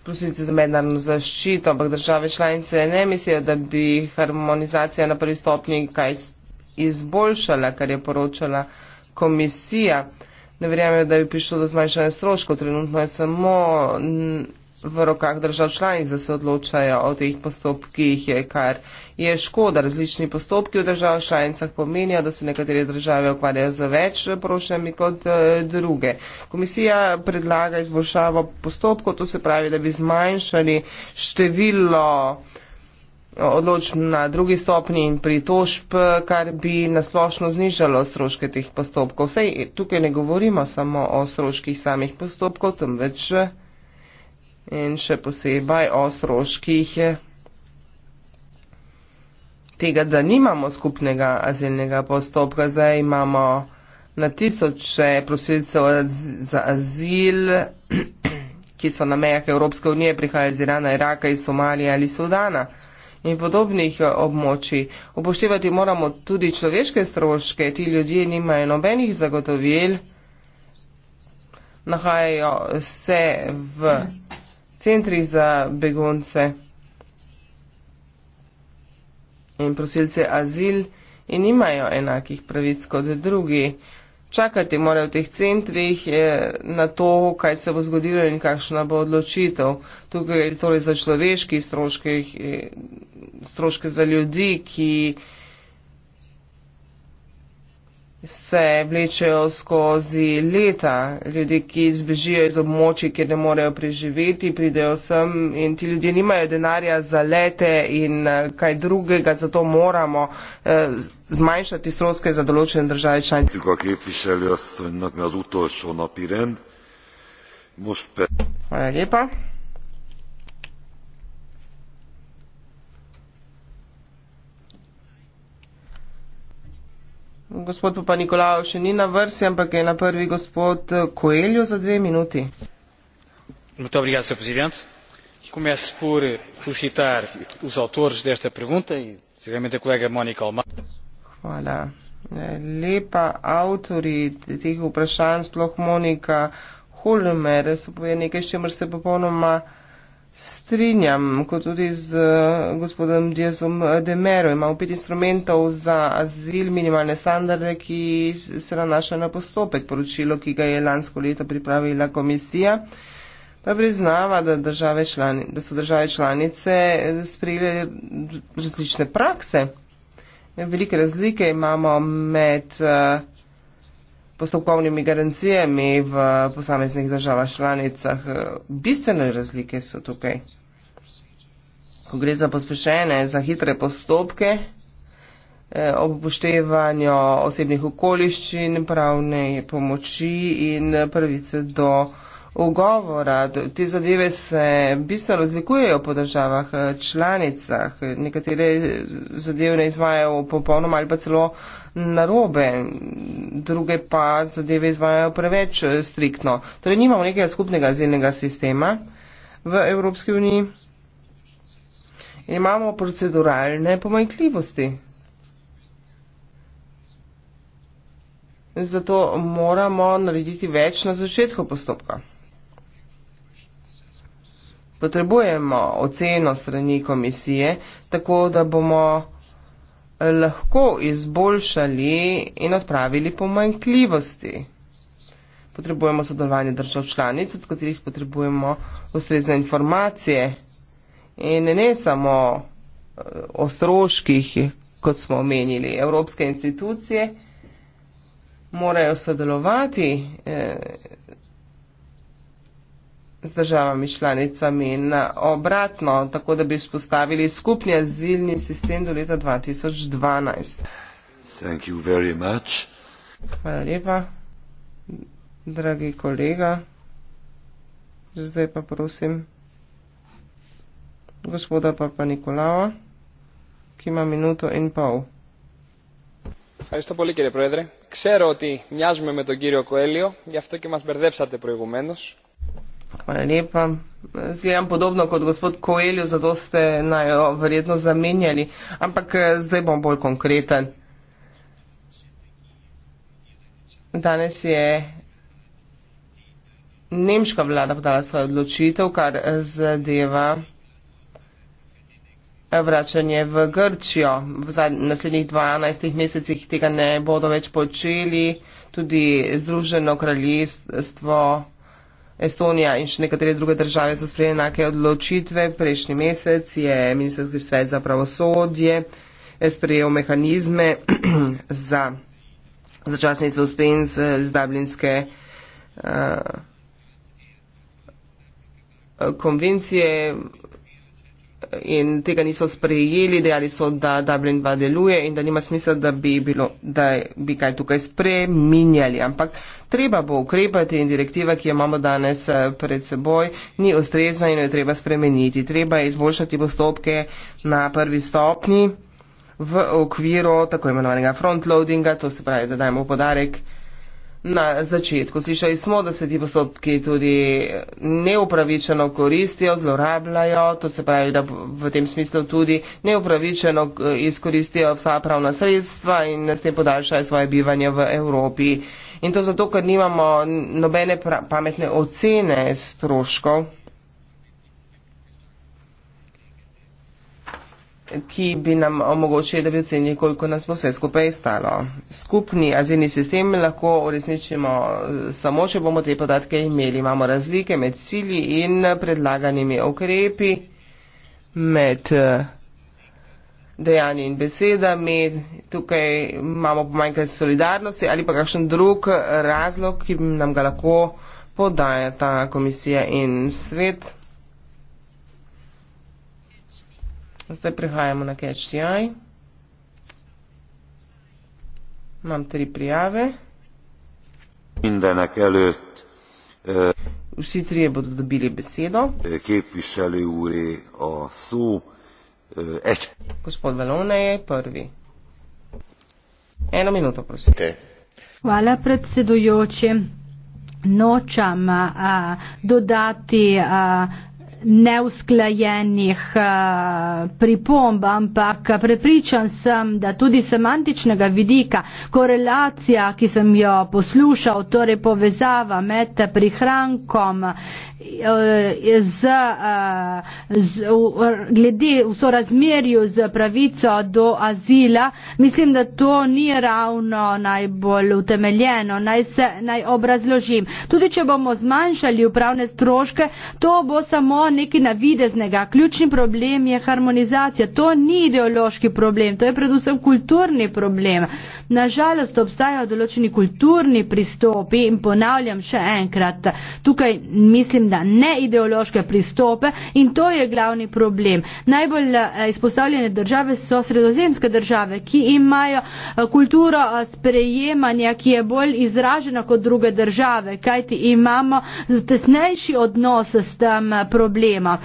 prosilce za mednarodno zaščito, ampak države članice ne mislijo, da bi harmonizacija na prvi stopnji kaj izboljšala, kar je poročala komisija. Ne verjamem, da bi prišlo do zmanjšanja stroškov. Trenutno je samo v rokah držav članic, da se odločajo o teh postopkih, kar je škoda. Različni postopki v držav članicah pomenijo, da se nekatere države ukvarjajo z več prošnjami kot eh, druge. Komisija predlaga izboljšavo postopkov, to se pravi, da bi zmanjšali število eh, odločb na drugi stopni in pritožb, eh, kar bi nasplošno znižalo stroške teh postopkov. Vsej, tukaj ne govorimo samo o stroških samih postopkov, temveč in še posebej o stroških eh, tega, da nimamo skupnega azilnega postopka. Zdaj imamo na tisoče prosilcev za azil, ki so na mejah Evropske unije, prihajajo iz Irana, Iraka, iz Somalije ali Sudana in podobnih eh, območij. Upoštevati moramo tudi človeške stroške. Ti ljudje nimajo nobenih zagotovil, nahajajo se v centrih za begonce in prosilce azil in nimajo enakih pravic kot drugi. Čakati morajo v teh centrih eh, na to, kaj se bo zgodilo in kakšna bo odločitev. Tukaj je torej za človeški stroške, eh, stroške za ljudi, ki se vlečejo skozi leta. Ljudje, ki zbežijo iz območij, kjer ne morejo preživeti, pridejo sem in ti ljudje nimajo denarja za lete in eh, kaj drugega, zato moramo eh, zmanjšati stroske za določene države članice. Hvala lepa. gospod Popa Nikolao še ni na vrsti, ampak je na prvi gospod Koelju za dve minuti. Muito obrigado, Sr. Presidente. Começo por felicitar os autores desta pergunta e, seguramente, a colega Mónica Almada. Hvala. Lepa autori tih vprašanj, sploh Mónica Hulmer, so povedali nekaj, s čemer se popolnoma Strinjam, kot tudi z gospodom Diazom Demero. Ima pet instrumentov za azil, minimalne standarde, ki se nanaša na postopek. Poročilo, ki ga je lansko leto pripravila komisija, pa priznava, da, člani, da so države članice sprejele različne prakse. Velike razlike imamo med. Uh, postopkovnimi garancijami v posameznih državah članicah. Bistvene razlike so tukaj. Ko gre za pospešene, za hitre postopke, eh, ob upoštevanju osebnih okoliščin, pravne pomoči in pravice do ugovora. Te zadeve se bistveno razlikujejo po državah eh, članicah. Nekatere eh, zadeve ne izvajo popolnoma ali pa celo uh, narobe, druge pa zadeve izvajajo preveč eh, striktno. Torej nimamo nekega skupnega azilnega sistema v Evropski uniji. Imamo proceduralne pomanjkljivosti. Zato moramo narediti več na začetku postopka. Potrebujemo oceno strani komisije, tako da bomo lahko izboljšali in odpravili pomanjkljivosti. Potrebujemo sodelovanje držav članic, od katerih potrebujemo ustrezne informacije in ne samo eh, o stroških, kot smo omenili. Evropske institucije morajo sodelovati. Eh, z državami članicami in obratno, tako da bi spostavili skupni azilni sistem do leta 2012. Hvala lepa, dragi kolega. Zdaj pa prosim gospoda Papa Nikolava, ki ima minuto in pol. Ευχαριστώ πολύ κύριε Πρόεδρε. Ξέρω ότι μοιάζουμε με τον κύριο Κοέλιο, γι' αυτό και μας μπερδέψατε προηγουμένως. Hvala lepa. Zgledam podobno kot gospod Koelju, zato ste najo verjetno zamenjali, ampak eh, zdaj bom bolj konkreten. Danes je nemška vlada podala svojo odločitev, kar eh, zadeva eh, vračanje v Grčijo. V naslednjih 12 mesecih tega ne bodo več počeli, tudi Združeno kraljestvo. Estonija in še nekatere druge države so sprejeli enake odločitve. Prejšnji mesec je Ministrski svet za pravosodje eh, sprejel mehanizme za začasni suspens iz eh, Dublinske uh, konvencije in tega niso sprejeli, dejali so, da Dublin 2 deluje in da nima smisla, da bi, bilo, da bi kaj tukaj spreminjali. Ampak treba bo ukrepati in direktiva, ki jo imamo danes eh, pred seboj, ni ustrezna in jo je treba spremeniti. Treba je izboljšati postopke na prvi stopni v okviru tako imenovanega frontloadinga, to se pravi, da dajemo podarek na začetku. Slišali smo, da se ti postopki tudi neupravičeno koristijo, zlorabljajo, to se pravi, da v tem smislu tudi neupravičeno eh, izkoristijo vsa pravna sredstva in s tem podaljšajo svoje bivanje v Evropi. In to zato, ker nimamo nobene pametne ocene stroškov. ki bi nam omogočili, da bi ocenili, koliko nas bo vse skupaj stalo. Skupni azilni sistem lahko uresničimo eh, samo, če bomo te podatke imeli. Imamo razlike med cilji in predlaganimi ukrepi, med eh, dejanji in besedami. Tukaj imamo pomanjkaj solidarnosti ali pa kakšen drug eh, razlog, ki nam ga lahko podajata komisija in svet. Zdaj prihajamo na Catch.ti. Imam tri prijave. Mindenek előtt. Uh, Vsi trije bodo dobili besedo. Képviseli úri a szó. Uh, egy. Gospod Velone je prvi. Eno minuto, prosim. Te. Hvala predsedujoči. Nočam a, dodati a, neusklajenih eh, pripomb, ampak prepričan sem, da tudi semantičnega vidika korelacija, ki sem jo poslušal, torej povezava med prihrankom, z, eh, z, glede v sorazmerju z pravico do azila, mislim, da to ni ravno najbolj utemeljeno. Naj, se, naj obrazložim. Tudi, če bomo zmanjšali upravne stroške, to bo samo nekaj navideznega. Ključni problem je harmonizacija. To ni ideološki problem, to je predvsem kulturni problem. Nažalost, obstajajo določeni kulturni pristopi in ponavljam še enkrat, tukaj mislim, agenda, ne ideološke pristope in to je glavni problem. Najbolj eh, izpostavljene države so sredozemske države, ki imajo eh, kulturo eh, sprejemanja, ki je bolj izražena kot druge države, kajti imamo tesnejši odnos s tem problemom.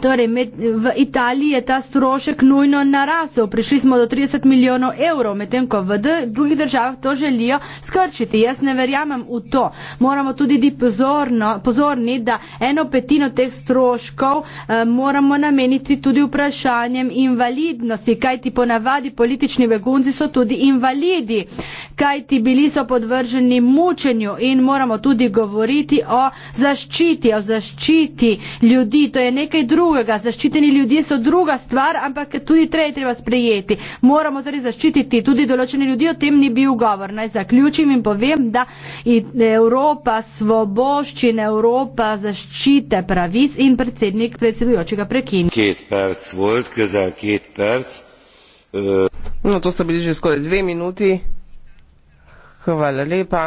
Torej, med, v Italiji je ta strošek nujno narasel, prišli smo do 30 milijonov evrov, medtem ko v drugih državah to želijo skrčiti. Jaz ne verjamem v to. Moramo tudi biti pozorni, da eno petino teh stroškov eh, moramo nameniti tudi vprašanjem invalidnosti, kajti ponavadi politični begunci so tudi invalidi, kajti bili so podvrženi mučenju in moramo tudi govoriti o zaščiti, o zaščiti ljudi. To je nekaj drugega drugega. Zaščiteni ljudje so druga stvar, ampak tudi treba je treba sprejeti. Moramo torej zaščititi tudi določene ljudi, o tem ni bil govor. Naj zaključim in povem, da Evropa svoboščin, Evropa zaščite pravic in predsednik predsedujočega prekinja. No, to sta bili že skoraj dve minuti. Hvala lepa,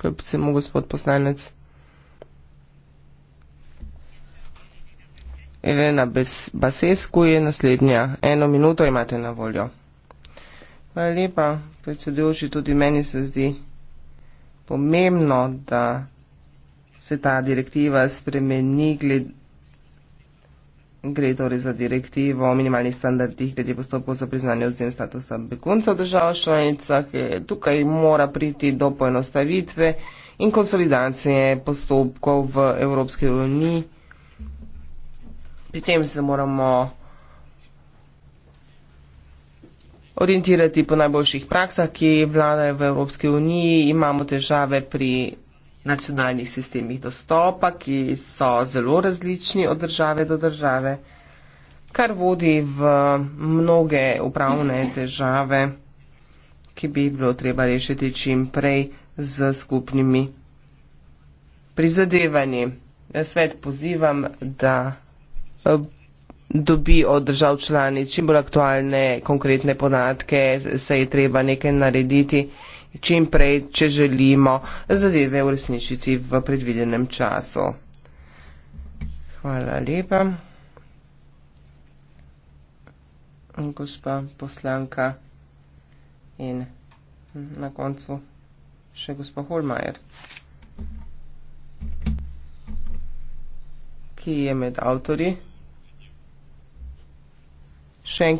kljub se mu gospod poslanec. Elena Basescu je naslednja. Eno minuto imate na voljo. Hvala lepa, predsedujoči, tudi meni se zdi pomembno, da se ta direktiva spremeni, gled, gre torej za direktivo o minimalnih standardih glede postopkov za priznanje odzem statusa beguncev držav članica, ki tukaj mora priti do poenostavitve in konsolidacije postopkov v Evropske unije pri tem se moramo orientirati po najboljših praksah, ki vladajo v Evropski uniji. Imamo težave pri nacionalnih sistemih dostopa, ki so zelo različni od države do države, kar vodi v mnoge upravne težave, ki bi bilo treba rešiti čim prej z skupnimi prizadevanji. Svet pozivam, da dobi od držav članic čim bolj aktualne, konkretne podatke, se je treba nekaj narediti čim prej, če želimo zadeve uresničiti v predvidenem času. Hvala lepa. Gospa poslanka in na koncu še gospa Holmajer, ki je med avtori. Hvala,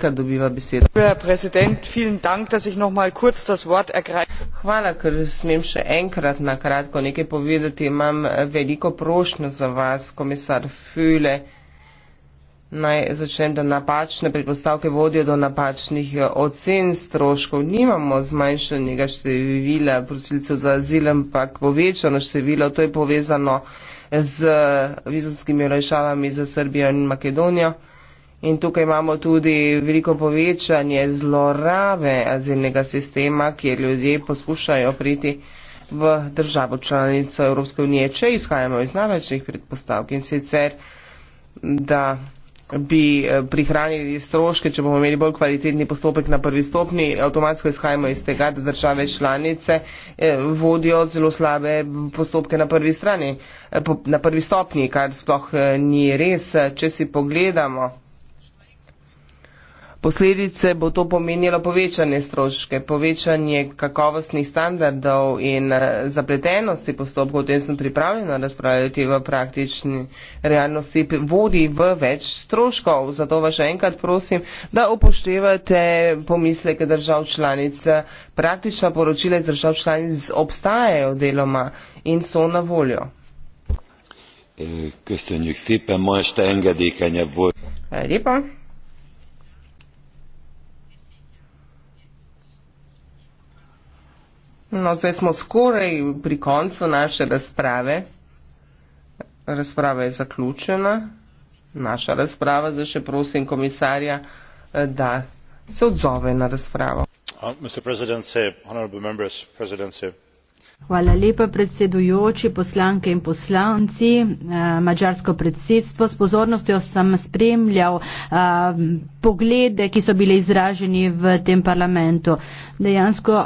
ker smem še enkrat na kratko nekaj povedati. Imam eh, veliko prošnjo za vas, komisar Füle. Naj začnem, da napačne predpostavke vodijo do napačnih eh, ocen stroškov. Nimamo zmanjšanega števila prosilcev za azil, ampak povečano število. To je povezano z eh, vizonskimi olajšavami za Srbijo in Makedonijo. In tukaj imamo tudi veliko povečanje zlorabe azilnega sistema, kjer ljudje poskušajo priti v državo članico Evropske unije, če izhajamo iz največjih predpostavk in sicer, da bi eh, prihranili stroške, če bomo imeli bolj kvalitetni postopek na prvi stopni, avtomatsko izhajamo iz tega, da države članice eh, vodijo zelo slabe postopke na prvi strani, eh, na prvi stopni, kar sploh ni res. Če si pogledamo posledice bo to pomenilo povečanje stroške, povečanje kakovostnih standardov in eh, zapletenosti postopkov. O tem sem pripravljena razpravljati v praktični realnosti, vodi v več stroškov. Zato vas še enkrat prosim, da upoštevate pomisleke držav članic. Praktična poročila iz držav članic obstajajo deloma in so na voljo. Eh, köszönjük szépen, ma este engedékenyebb volt. Elég No, zdaj smo skoraj pri koncu naše razprave. Razprava je zaključena. Naša razprava, zdaj še prosim komisarja, eh, da se odzove na razpravo. Uh, Hvala lepa, predsedujoči, poslanke in poslanci, eh, mađarsko predsedstvo. S pozornostjo sem spremljal eh, poglede, ki so bile izraženi v tem parlamentu. Dejansko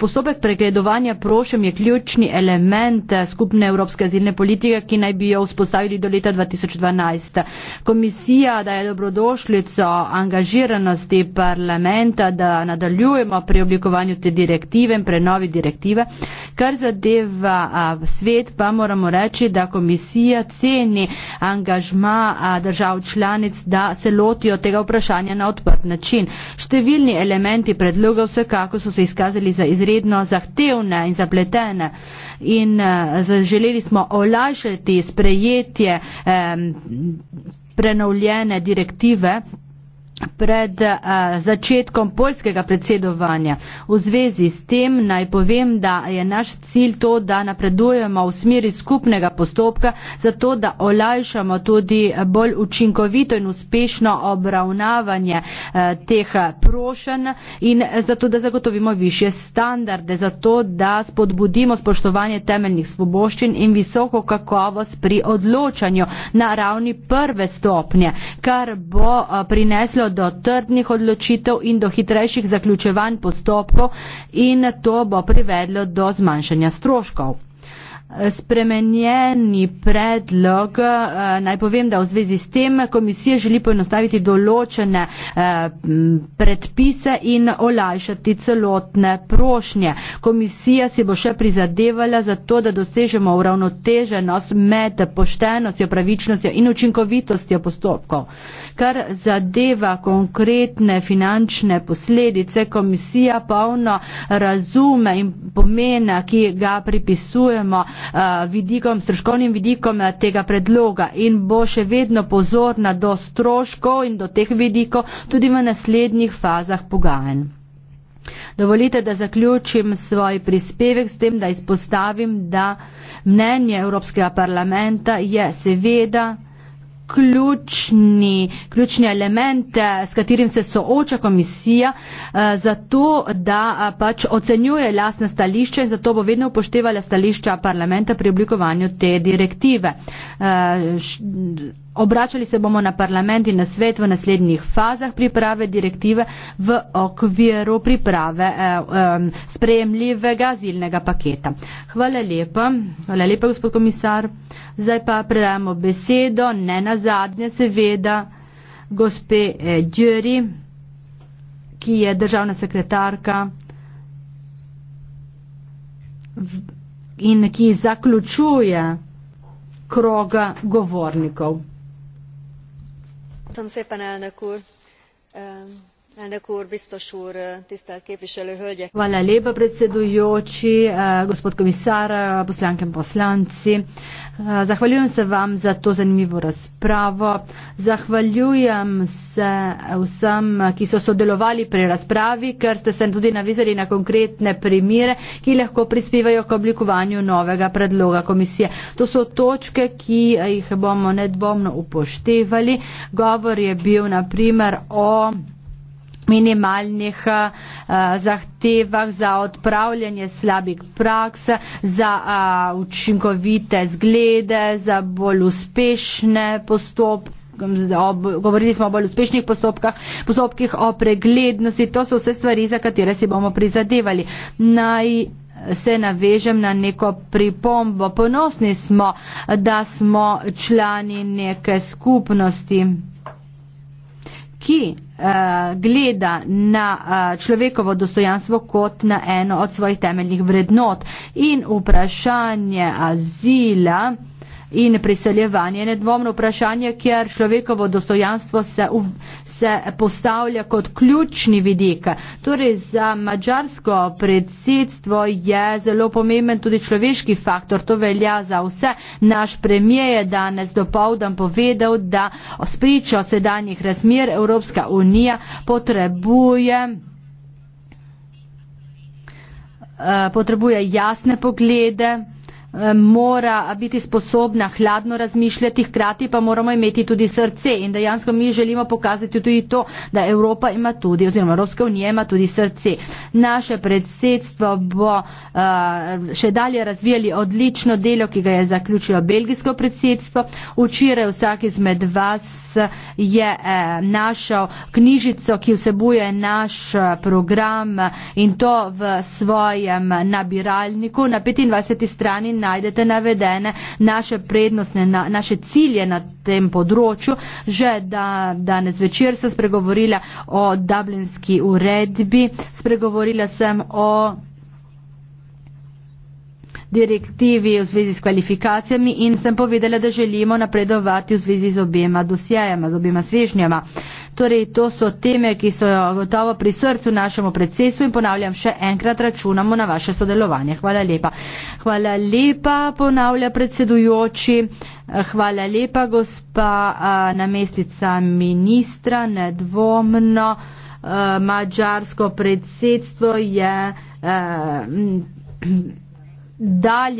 postopek pregledovanja prošem je ključni element eh, skupne evropske azilne politike, ki naj bi jo vzpostavili do leta 2012. Komisija daje dobrodošljico angažiranosti parlamenta, da nadaljujemo pri oblikovanju te direktive in prenovi direktive. Kar zadeva svet, pa moramo reči, da komisija ceni angažma držav članic, da se lotijo tega vprašanja na odprt način. Številni elementi predloga vsekako so se izkazali za izredno zahtevne in zapletene in eh, želeli smo olajšati sprejetje eh, prenovljene direktive Pred uh, začetkom polskega predsedovanja v zvezi s tem naj povem, da je naš cilj to, da napredujemo v smeri skupnega postopka, zato da olajšamo tudi eh, bolj učinkovito in uspešno obravnavanje uh, teh prošen in zato da zagotovimo više standarde, zato da spodbudimo spoštovanje temeljnih svoboščin in visoko kakovost pri odločanju na ravni prve stopnje, kar bo uh, prineslo pravico do trdnih odločitev in do hitrejših zaključevanj postopkov in to bo privedlo do zmanjšanja stroškov spremenjeni predlog. Eh, naj povem, da v zvezi s tem komisija želi poenostaviti določene eh, predpise in olajšati celotne prošnje. Komisija si bo še prizadevala za to, da dosežemo uravnoteženost med poštenostjo, pravičnostjo in učinkovitostjo postopkov. Kar zadeva konkretne finančne posledice, komisija polno razume in pomena, ki ga pripisujemo, Eh, vidikom, stroškovnim vidikom eh, tega predloga in bo še vedno pozorna do stroškov in do teh vidikov tudi v naslednjih fazah pogajanj. Dovolite, da zaključim svoj prispevek s tem, da izpostavim, da mnenje Evropskega parlamenta je seveda ključni, ključni element, eh, s katerim se sooča komisija, eh, zato da eh, pač ocenjuje lasne stališče in zato bo vedno upoštevala stališča parlamenta pri oblikovanju te direktive. Obračali se bomo na parlament in na svet v naslednjih fazah priprave direktive v okviru priprave eh, eh, sprejemljivega zilnega paketa. Hvala lepa, hvala lepa, gospod komisar. Zdaj pa predajamo besedo, ne na zadnje, seveda, gospe Džeri, eh, ki je državna sekretarka in ki zaključuje kroga govornikov. Eh, hvala lepa predsedujoči eh, gospod komisar eh, poslanke in poslanci. Eh, zahvaljujem se vam za to zanimivo razpravo. Zahvaljujem se vsem, ki so sodelovali pri razpravi, ker ste se tudi navizali na konkretne primere, ki lahko prispevajo k oblikovanju novega predloga komisije. To so točke, ki jih bomo nedvomno upoštevali. Govor je bil naprimer o minimalnih eh, zahtevah za odpravljanje slabih praks, za eh, učinkovite zglede, za bolj uspešne postopke. Ob, govorili smo o bolj uspešnih postopkah, postopkih o preglednosti. To so vse stvari, za katere si bomo prizadevali. Naj se navežem na neko pripombo. Ponosni smo, da smo člani neke skupnosti, ki Eh, gleda na eh, človekovo dostojanstvo kot na eno od svojih temeljnih vrednot. In vprašanje azila in priseljevanje. Nedvomno vprašanje, kjer človekovo dostojanstvo se, v, se postavlja kot ključni vidik. Torej za mačarsko predsedstvo je zelo pomemben tudi človeški faktor. To velja za vse. Naš premije je danes dopovdan povedal, da spričo sedanjih razmer Evropska unija potrebuje eh, potrebuje jasne poglede Eh, mora biti sposobna hladno razmišljati, hkrati pa moramo imeti tudi srce. In dejansko mi želimo pokazati tudi to, da Evropa ima tudi, oziroma Evropska unija ima tudi srce. Naše predsedstvo bo uh, še dalje razvijali odlično delo, ki ga je zaključilo belgijsko predsedstvo. Včeraj vsak izmed vas je uh, našel knjižico, ki vsebuje naš program in to v svojem nabiralniku na 25 strani najdete navedene naše prednostne, na, naše cilje na tem področju. Že da, danes večer sem spregovorila o dublinski uredbi, spregovorila sem o direktivi v zvezi s kvalifikacijami in sem povedala, da želimo napredovati v zvezi z obema dosjejama, z obema svežnjama. Uh, Torej, to so teme, ki so gotovo pri srcu našemu predsesu in ponavljam, še enkrat računamo na vaše sodelovanje. Hvala lepa. Hvala lepa, ponavlja predsedujoči. Hvala lepa, gospa namestnica ministra, nedvomno. Mačarsko predsedstvo je eh, dalje.